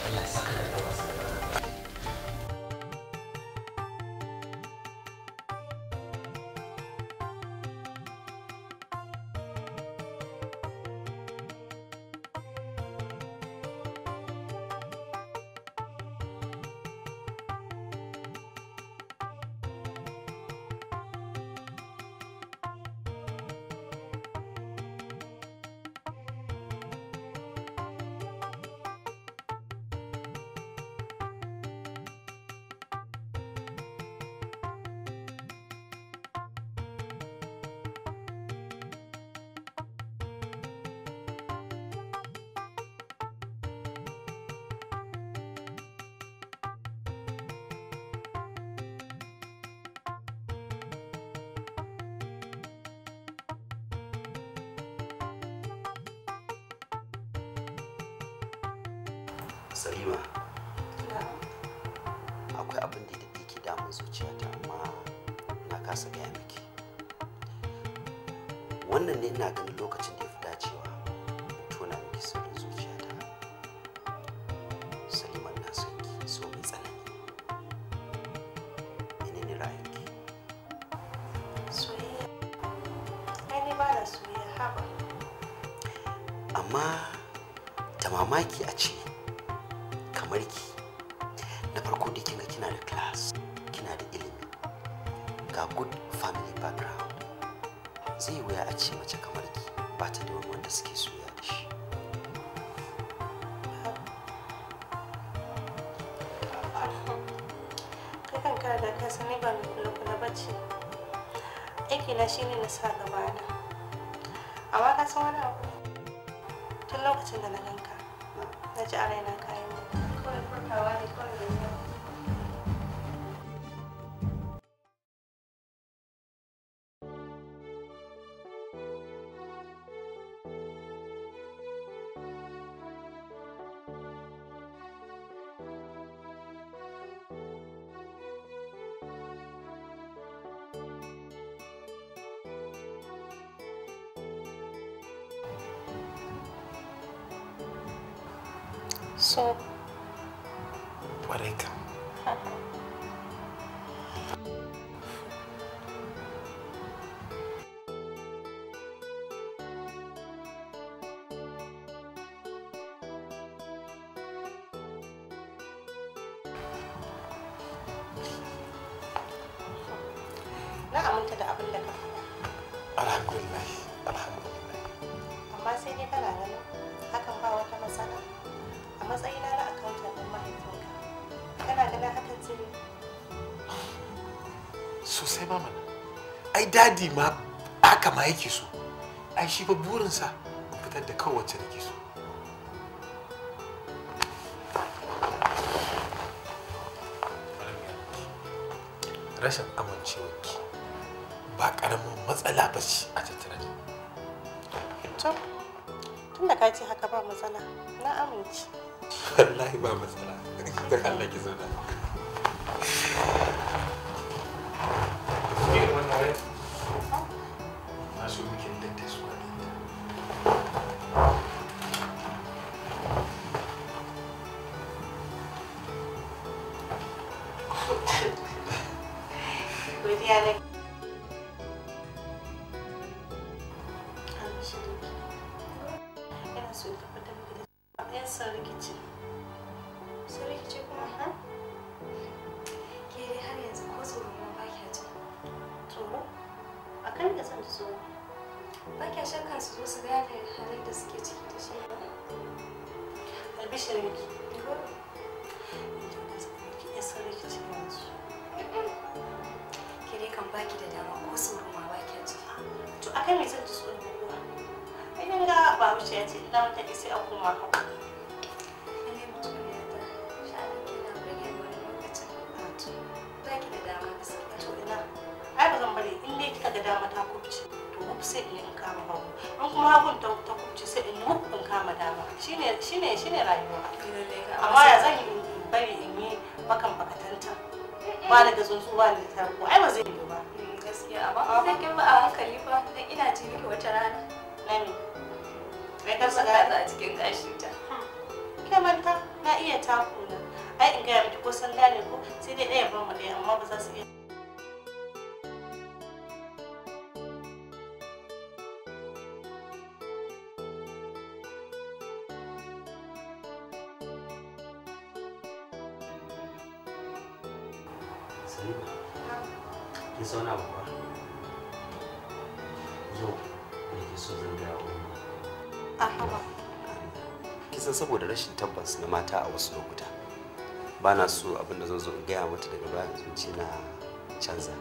dadi ma haka ma yake so ai shi fa burinsa in fitar da kowace nake so rashin amincewarki ba karamin matsala ba ce a tattare da to tun da ka ce haka ba matsala na amince wallahi ba matsala don Allah ki zauna ba na so abinda zan zo gaya mata daga baya ce na canza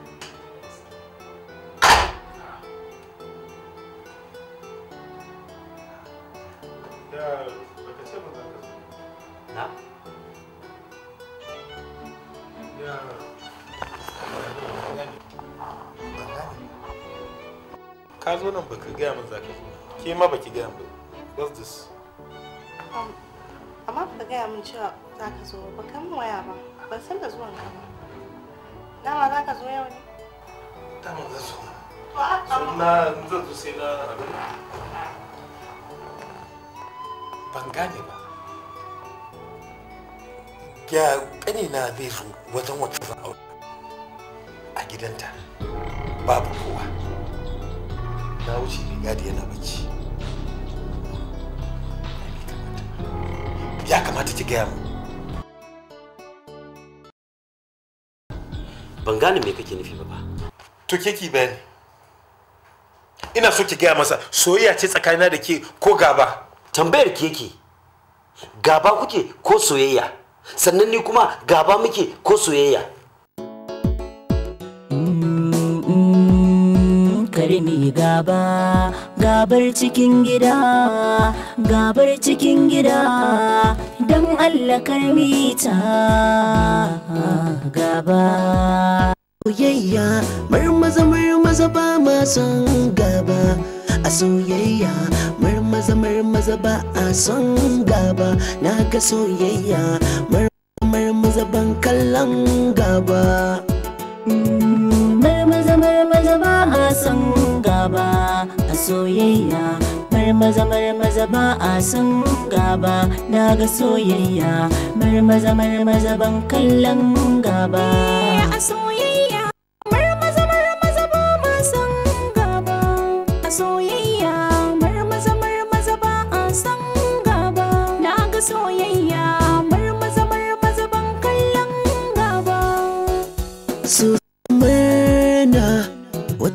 ka zo nan baka gaya min za ka zo ke ma baki gaya min what's this gaya min cewa za ka zo ba kan waya ba ban san da zuwan ka ba dama za ka zo yau ne dama za su na zan zo sai na ban gane ba ya kane na zai zo wajen wata a gidanta babu kowa na wuce riga da yana bacci ya kamata ki gaya mu ban gane me kake nufi ba to ke ki bani ina so ki gaya masa soyayya ce tsakanina da ke ko gaba tambayar ke gaba kuke ko soyayya sannan ni kuma gaba muke ko soyayya bari mi gaba gabar cikin gida gabar cikin gida don allah karmita gaba soyayya marmaza marmaza ba ma son gaba a soyayya marmaza marmaza ba a son gaba na ga soyayya marmaza ban kallon gaba mm. san gaba a soyayya bar maza mar maza ba a san gaba na ga soyayya bar maza mar maza ban kallon gaba eh, a soyayya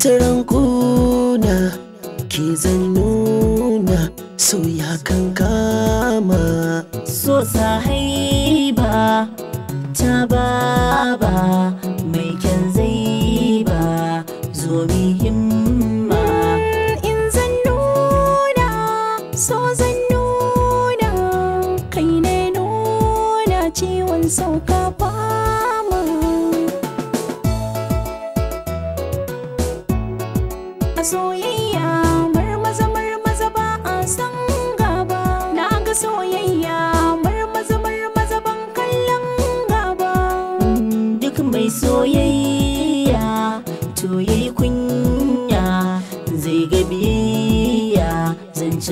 wata rankuna ke zan nuna so ya kan kama so haiba ta baba mai kyan zai ba zo himma in zan nuna so zan nuna kai ne nuna ciwon sauka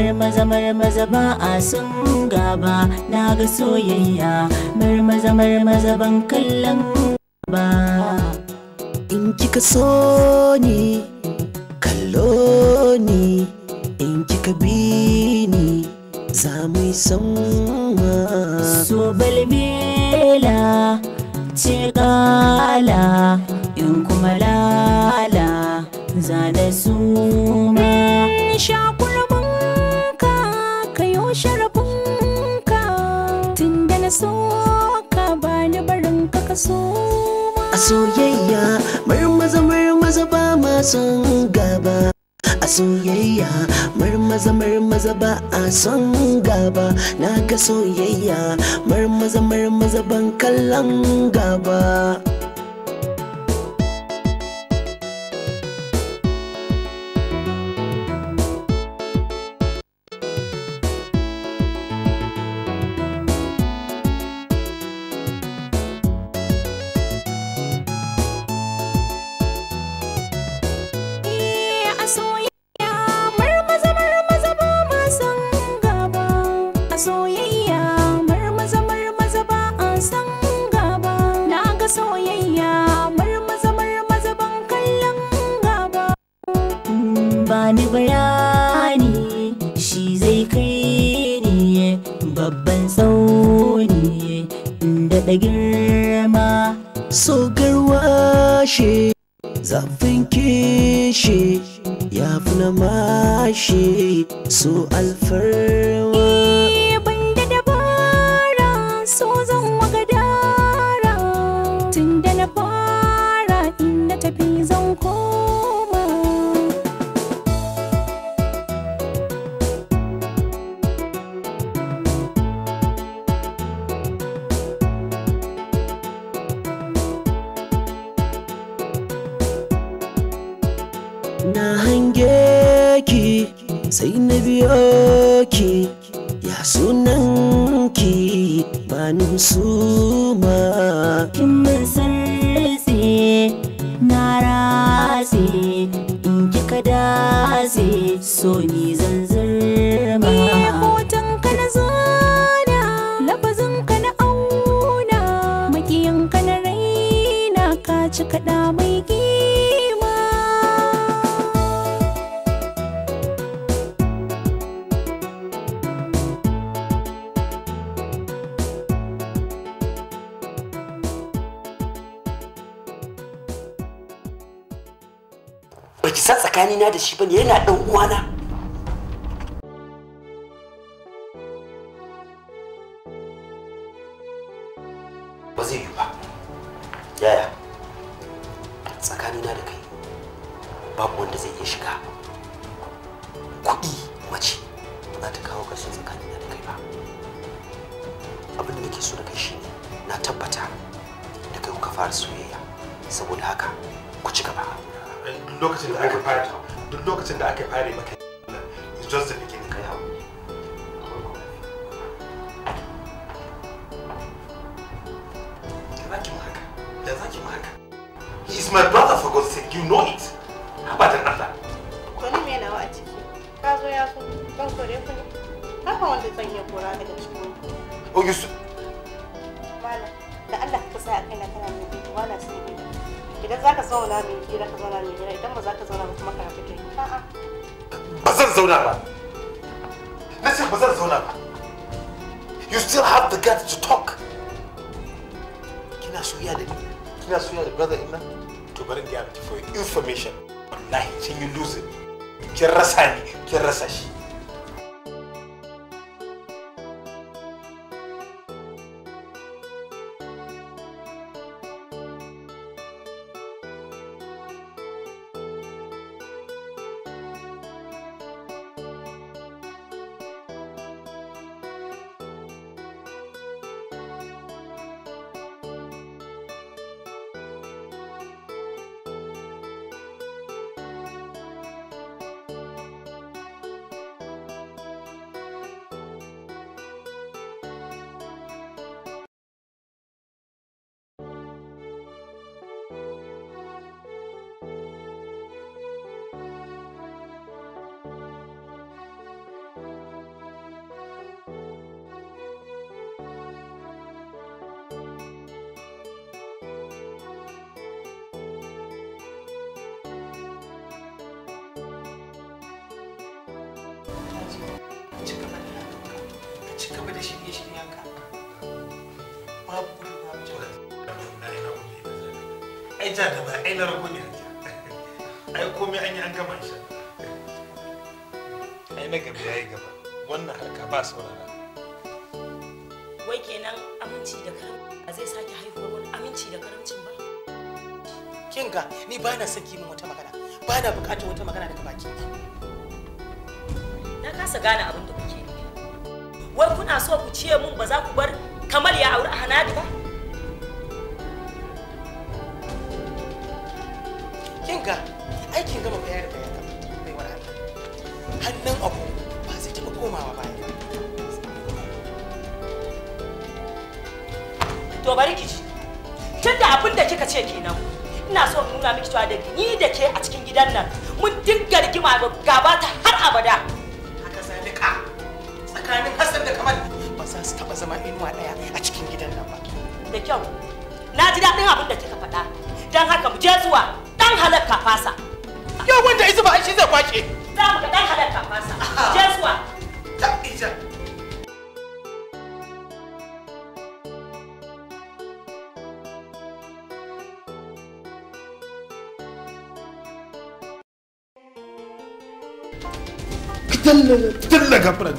marmaza marmaza ba a sun gaba na ga soyayya marmaza marmaza ban kallon ba in kika so ni kallo ni in kika bi ni za mu yi sanwa so balbela ce kala in kuma lala zane su ma so ka bani barin ka ka a soyayya marmaza marmaza ba ma son gaba a soyayya marmaza marmaza ba a son gaba na ga soyayya marmaza marmaza ban kallon gaba soyayya marmaza marmaza ba a san gaba na ga soyayya marmaza marmaza ban kallon gaba mm, ba ni bayani shi zai kai ni babban tsauni daɗa girma so garwashe zafin kishi ya fi na mashi so alfarwa babu ba mu ai ja da ba ai na rago ne ai komai an yi an gama shi ai na gaba gaba wannan harka ba saurara wai kenan aminci da karamci a zai sake haihuwar wani aminci da karamcin ba kinga ni ba na saki min wata magana ba na bukatar wata magana daga baki. na kasa gane abin da kuna so ku ce mun ba za ku bar kamal ya auri a hanadi ba kinga aikin gama bayar da ya bai wara Allah hannun abu ba zai taɓa komawa ba. to bari ki ji tunda abin da kika ce kenan ina so in nuna miki cewa da ni da ke a cikin gidan nan mun dinga rigima gaba ta har abada za taba zama inuwa daya a cikin gidan nan ba da kyau na ji daɗin abin da kika faɗa don haka mu je zuwa dan halakka fasa yau wanda isu ba shi zai kwace za mu ga dan halakka fasa je zuwa ta fitar da gafara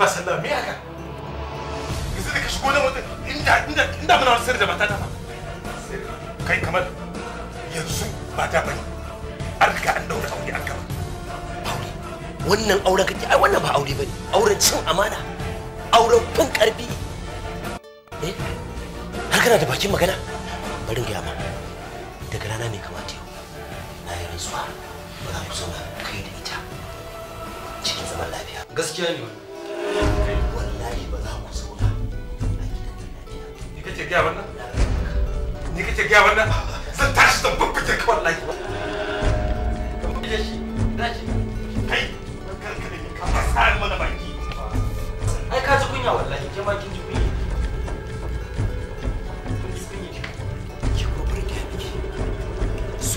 ba sallah me haka yanzu da ka shigo nan wata inda inda inda muna wani sirri da kai kamar yanzu ba ta bane an riga an daura aure an gaba wannan auren kake ai wannan ba aure bane auren cin amana auren fin karfi eh har kana da bakin magana bari ga ma daga rana ne kamata yau na yi rantsuwa ba za ku zauna kai da ita cikin zaman lafiya gaskiya ne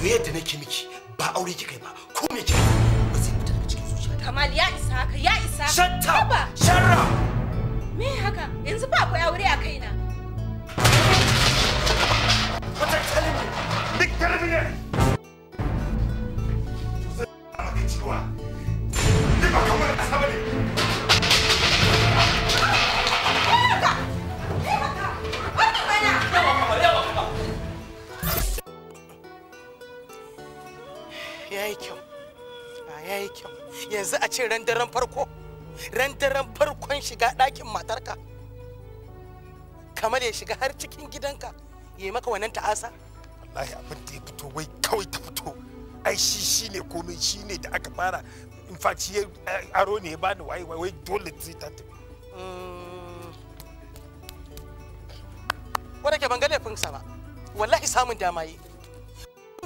soyayyar da nake miki ba aure kika yi ba ko me kika ba zai fita daga cikin kamal ya isa haka ya isa shatta sharra me haka yanzu ba akwai aure a kaina wata yanzu a ce ran daren farko ran daren farkon shiga ɗakin matarka kamar ya shiga har cikin gidanka ya maka wannan ta'asa wallahi abin da ya fito wai kawai ta fito ai shi shi ne komai shi ne da aka fara in fact shi eh, aro ne ya bani waye wai dole zai ta tafi mm. wanda ke ban ga sama wallahi samun dama yi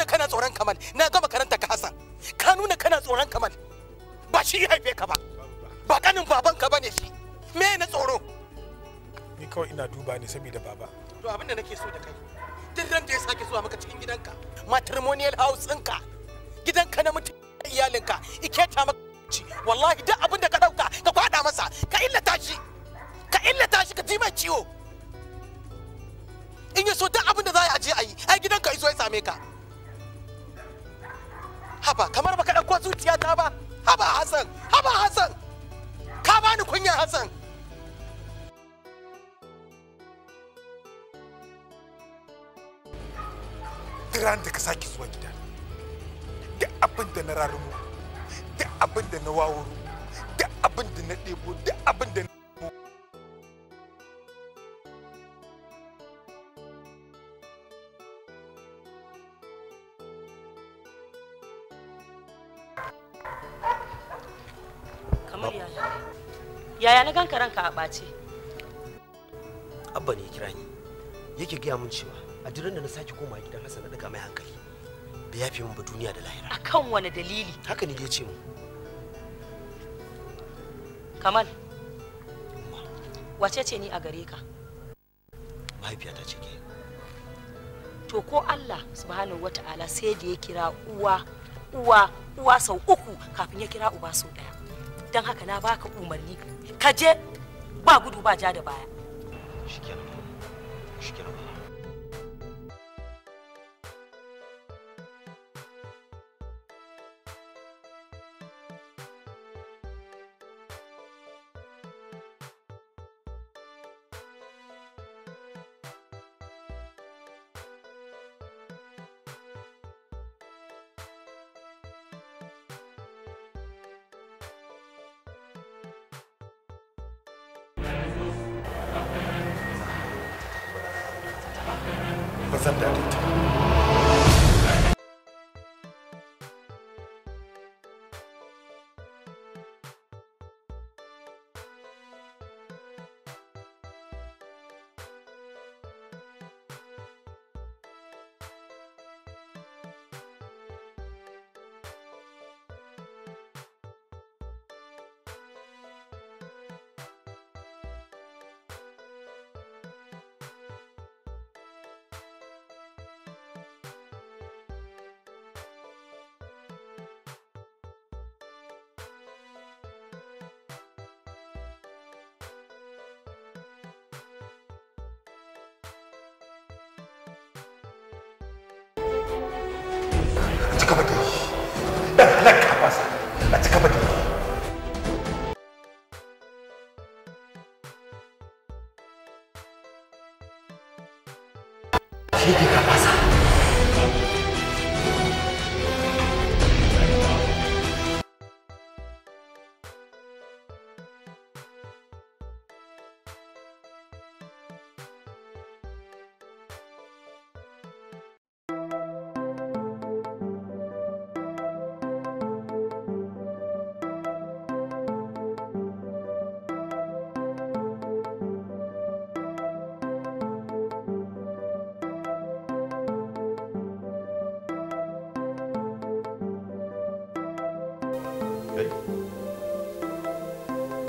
kana tsoron kamal na ga makarantar ka hasan ka nuna kana tsoron kamal ba shi ya haife ka ba ba kanin baban ka bane shi me na tsoro ni kawai ina duba ne saboda baba to abin da nake so da kai duk ran da ya sake zuwa maka cikin gidanka matrimonial house ɗinka gidanka na mutum iyalinka ta maka ci wallahi duk abin da ka dauka ka kwada masa ka illata shi ka illata shi ka ji mai ciwo in ya so duk abin da za a je a yi ai gidanka iso ya same ka haba kamar baka ɗauko zuciya ta ba haba hassan haba hassan ka bani kunya hassan ran da ka sake zuwa gida da abin da na rarumo da abin da na wawuro da abin da na ɗebo da abin da na yaya na ganka ranka a ɓace abba ne ya kira ni yake gaya min cewa a jiran da na sake koma gidan hassan na daga mai hankali bai yafe min ba duniya da lahira akan wani dalili haka ne ya ce mu kamal wace ce ni a gare ka mahaifiyata ce ke to ko Allah subhanahu wata'ala sai da ya kira uwa uwa uwa sau uku kafin ya kira uba sau daya don haka na baka umarni ka je ba gudu ba ja da baya shikenan shikenan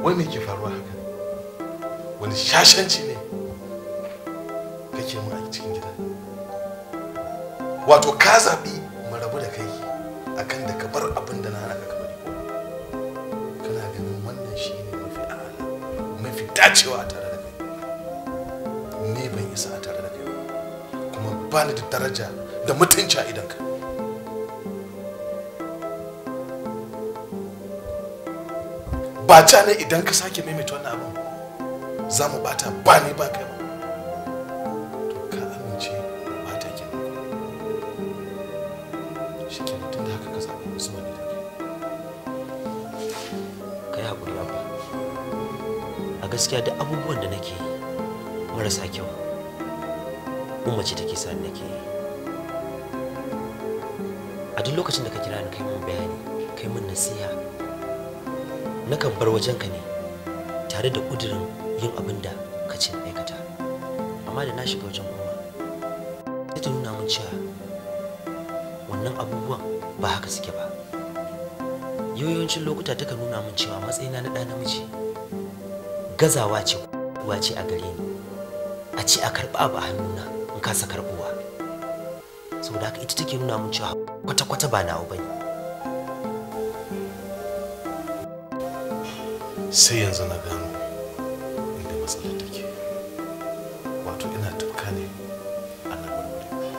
wai me ke faruwa haka wani shashanci ne kake mu a cikin gida wato ka zaɓi mu rabu da kai akan da ka bar abin da na hana ka bari kana ganin wannan shi ne mafi ala mafi dacewa a tare da kai ne ban isa a tare da kai kuma ba ni da daraja da mutunci a ka. ba ca ne idan ka sake maimaita wannan abin za mu bata ba ni ba kai ba ka amince ba ta ke shi ke tun da haka ka zaɓa musu wani da kai yi haƙuri ba a gaskiya da abubuwan da nake marasa kyau umarci take sa nake yi a duk lokacin da ka kira ni kai mun bayani kai mun nasiha nakan bar ka ne tare da ƙudurin yin abin da ka ce aikata amma da na shiga wajen kowa sai ta nuna min cewa wannan abubuwan ba haka suke ba yawancin lokuta ka nuna mun cewa matsayina na ɗa namiji gazawa ce kuwa ce a gare ni a ce a karɓa abu a hannuna in kasa karɓuwa saboda haka ita take nuna min cewa kwata-kwata ba nawa bane sai yanzu na gano inda matsalar take wato ina tafka ne a nan wani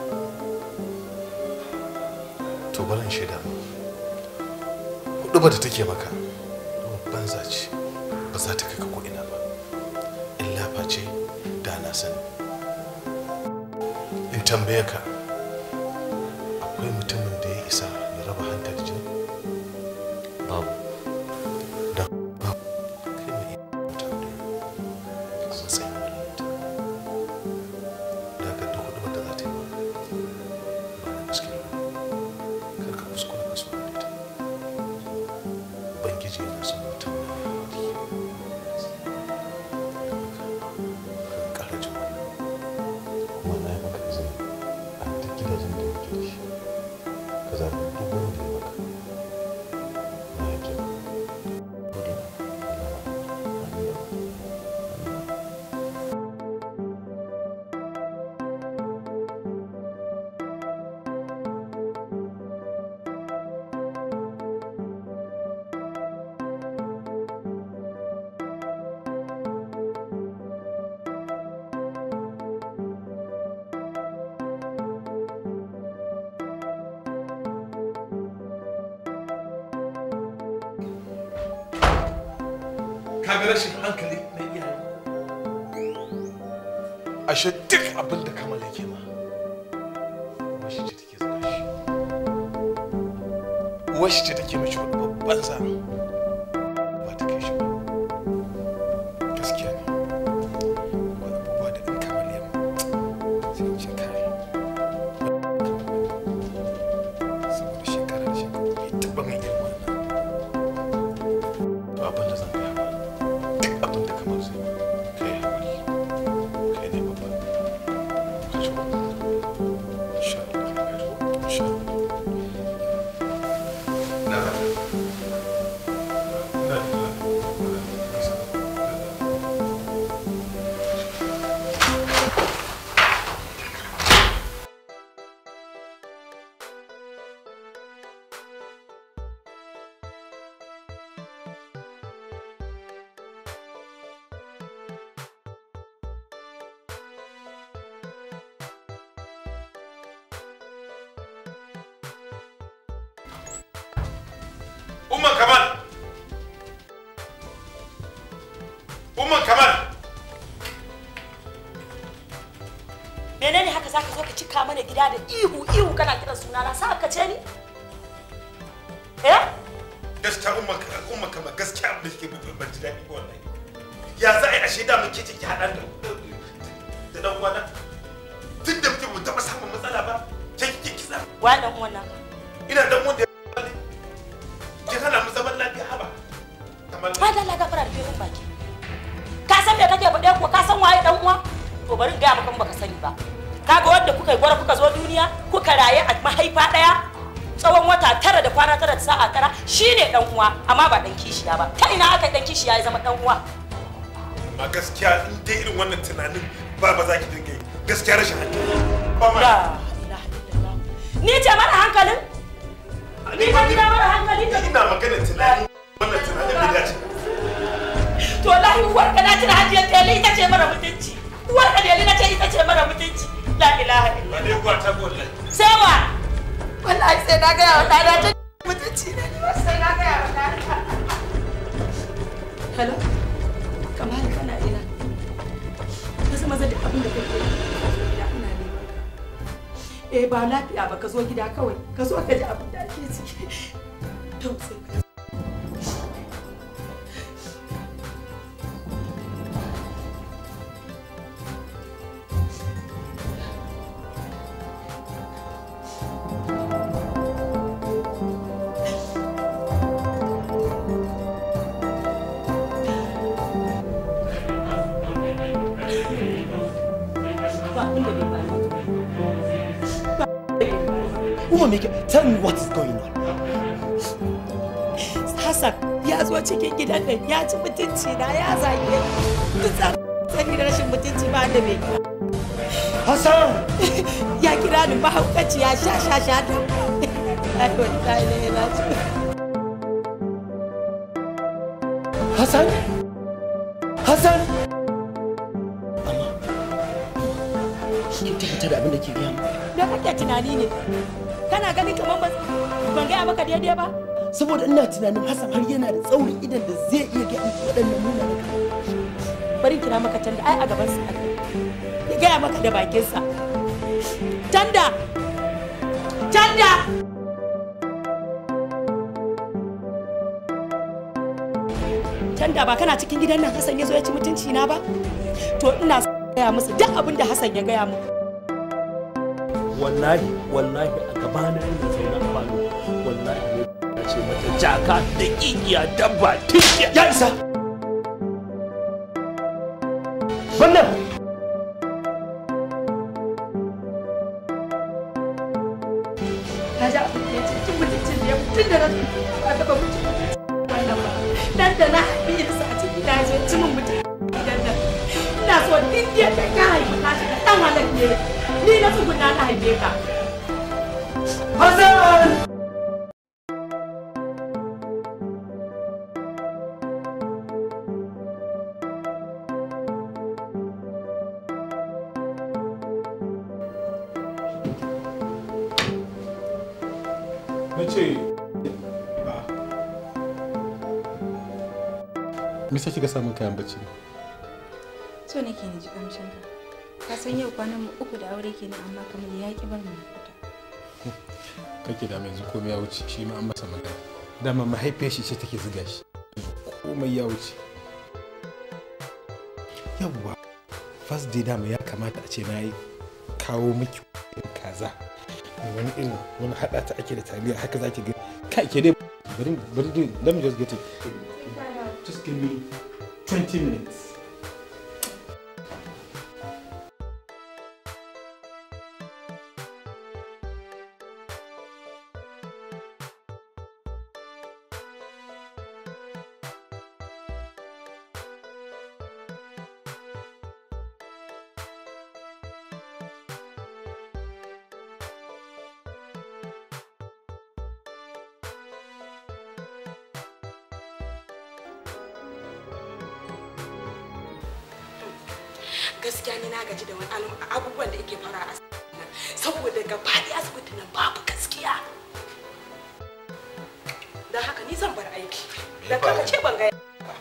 to barin shaida hudu ba da take maka question ba ta ina aka dan kishi ya zama dan uwa amma gaskiya in dai irin wannan tunanin Don't say that. Tell me what is going on. ya zo cikin gidan nan ya ci mutunci na ya zage duk da rashin mutunci ba da Hassan ya kira ni ya sha sha sha ta Hassan Hassan amma shi ta da abin da ke mu kake tunani ne kana kamar ban gaya maka daidai ba saboda ina tunanin Hassan har yana da tsaurin idan da zai iya ga waɗannan nuna da bari kira maka tanda ai a gaban sa ya gaya maka da bakin sa tanda tanda tanda ba kana cikin gidan nan Hassan ya zo ya ci mutunci na ba to ina gaya musu duk abin da Hassan ya gaya muku wallahi wallahi a gabana ne zai na faru wallahi jaka da igiya dabba tinkiya ya isa wannan bacci ne so nake na ji kamshin ka ka san yau kwanan mu uku da aure ke kenan amma kamar ya ki bar mu fita kake da mai zuko ya wuce shi ma an masa magana dama mahaifiyar shi ce take zuga shi komai ya wuce yawwa first day dama ya kamata a ce na yi kawo miki kaza wani irin wani hada ta ake da taliya haka zaki ga kai ke dai bari bari dai let me just get it just give me 20 minutes. aiki da kaka ce ban gaya ba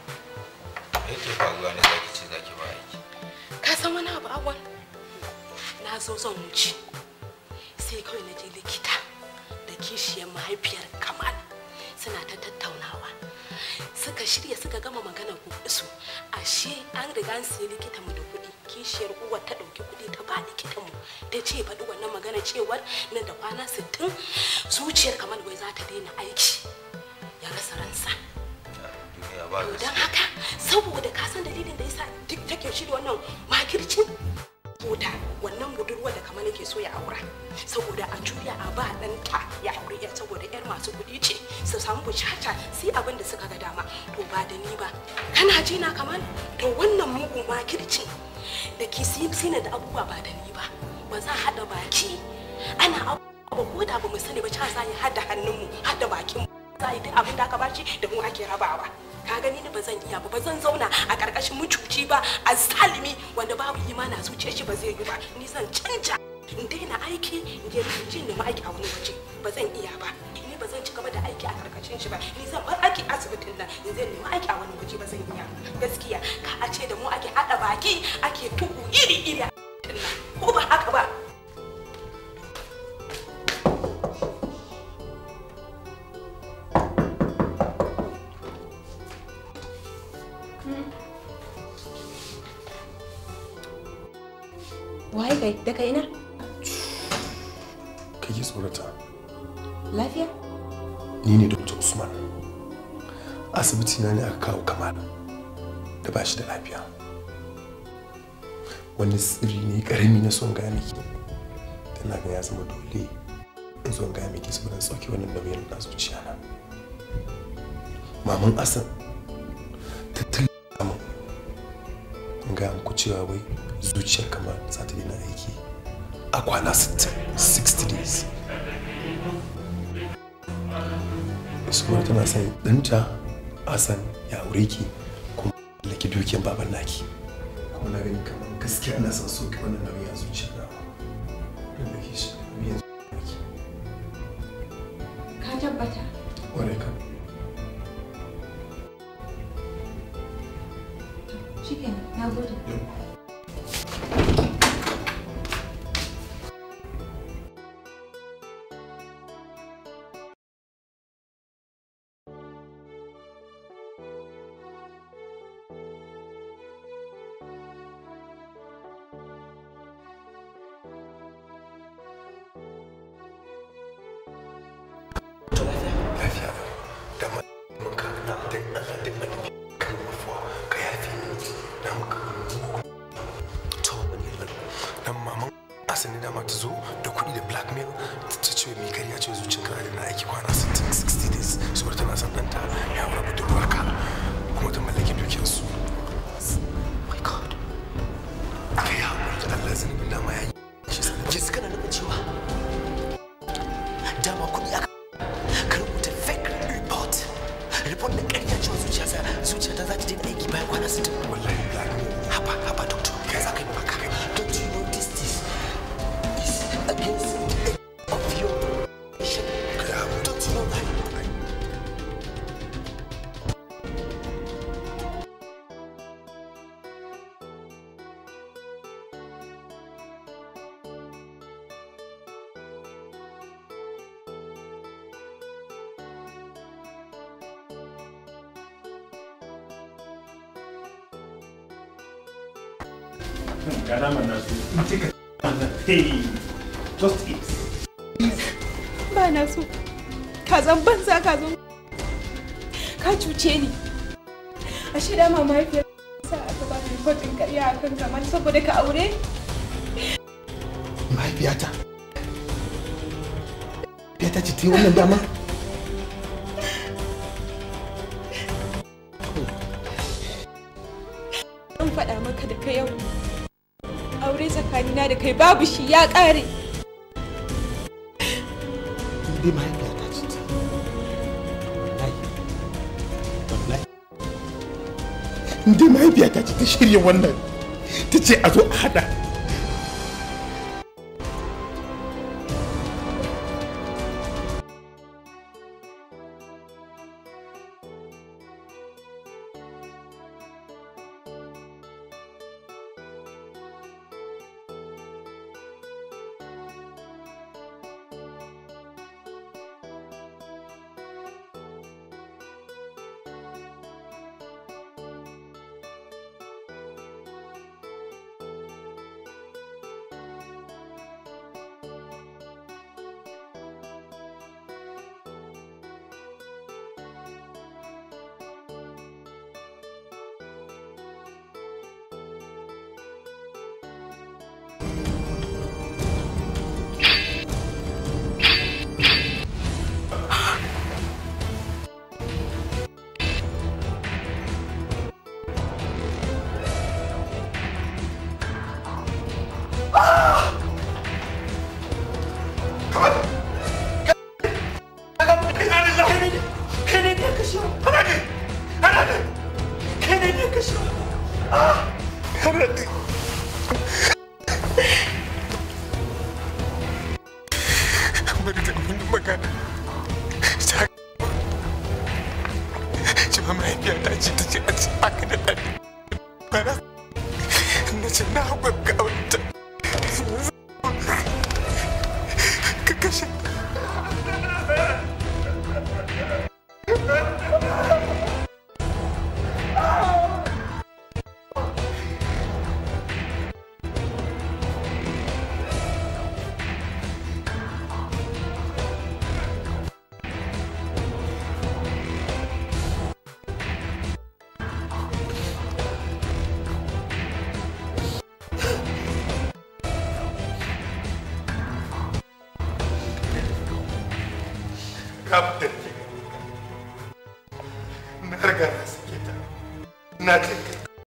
yake faruwa ne zaki ce zaki ba aiki ka san wani abu awal na zo zan wuce sai kawai na je likita da kishiyar mahaifiyar kamal suna ta tattaunawa suka shirya suka gama magana su ashe an riga an siya likita mu da kuɗi kishiyar uwar ta ɗauki kuɗi ta ba likita mu ta ce faɗi wannan magana cewar nan da kwana sittin zuciyar kamar wai za ta daina aiki ya rasa ransa don haka saboda ka san dalilin da yasa duk take shi da wannan makircin bota wannan budurwa da kamar yake so ya aura saboda a juya a ba ɗanta ya aure ya saboda yar masu kuɗi ce su samu bukata sai abin da suka ga dama to ba da ni ba kana ji na kamar to wannan mugun makircin da ke sina da abubuwa ba da ni ba ba za haɗa baki ana abubuwa ko da ba mu sani ba ca za ya haɗa hannunmu haɗa bakinmu zai duk abin da aka bashi da mu ake rabawa ka gani ni ba zan iya ba ba zan zauna a karkashin mucuci ba a salimi wanda babu imana zuciyar shi ba zai yi ba ni zan canja in daina aiki in je jin da aiki a wani waje ba zan iya ba ni ba zan ci gaba da aiki a karkashin shi ba ni zan bar aiki asibitin nan in zan nemi aiki a wani waje ba zan iya gaskiya ka a ce da mu ake hada baki ake tuku iri iri a ko ba haka ba Waye kai daga ina? tsorata. Lafiya? Ni ne Dr. Usman. Asibiti na ne aka kawo Kamal da ba shi da lafiya. Wani sirri ne karami na son gaya miki. Tana ga ya zama dole in gane gaya miki saboda sauke wannan nauyin na zuciya na. Maman Asan ta in ga ku cewa wai zuciya kamar za ta daina aiki a kwana 60 days ismar tana son ɗanta asan ya aure ki kuma laki dukiyar baban naki kuma na gani kamar gaskiya ina son so ki wannan nauyi a zuciyar na ka tabbata Wani kan chicken, é za ta daina bayan kwana 60 wallahi haba haba kai wannan an faɗa maka da yau aure da kai babu ta ce ta shirya wannan ta ce a zo a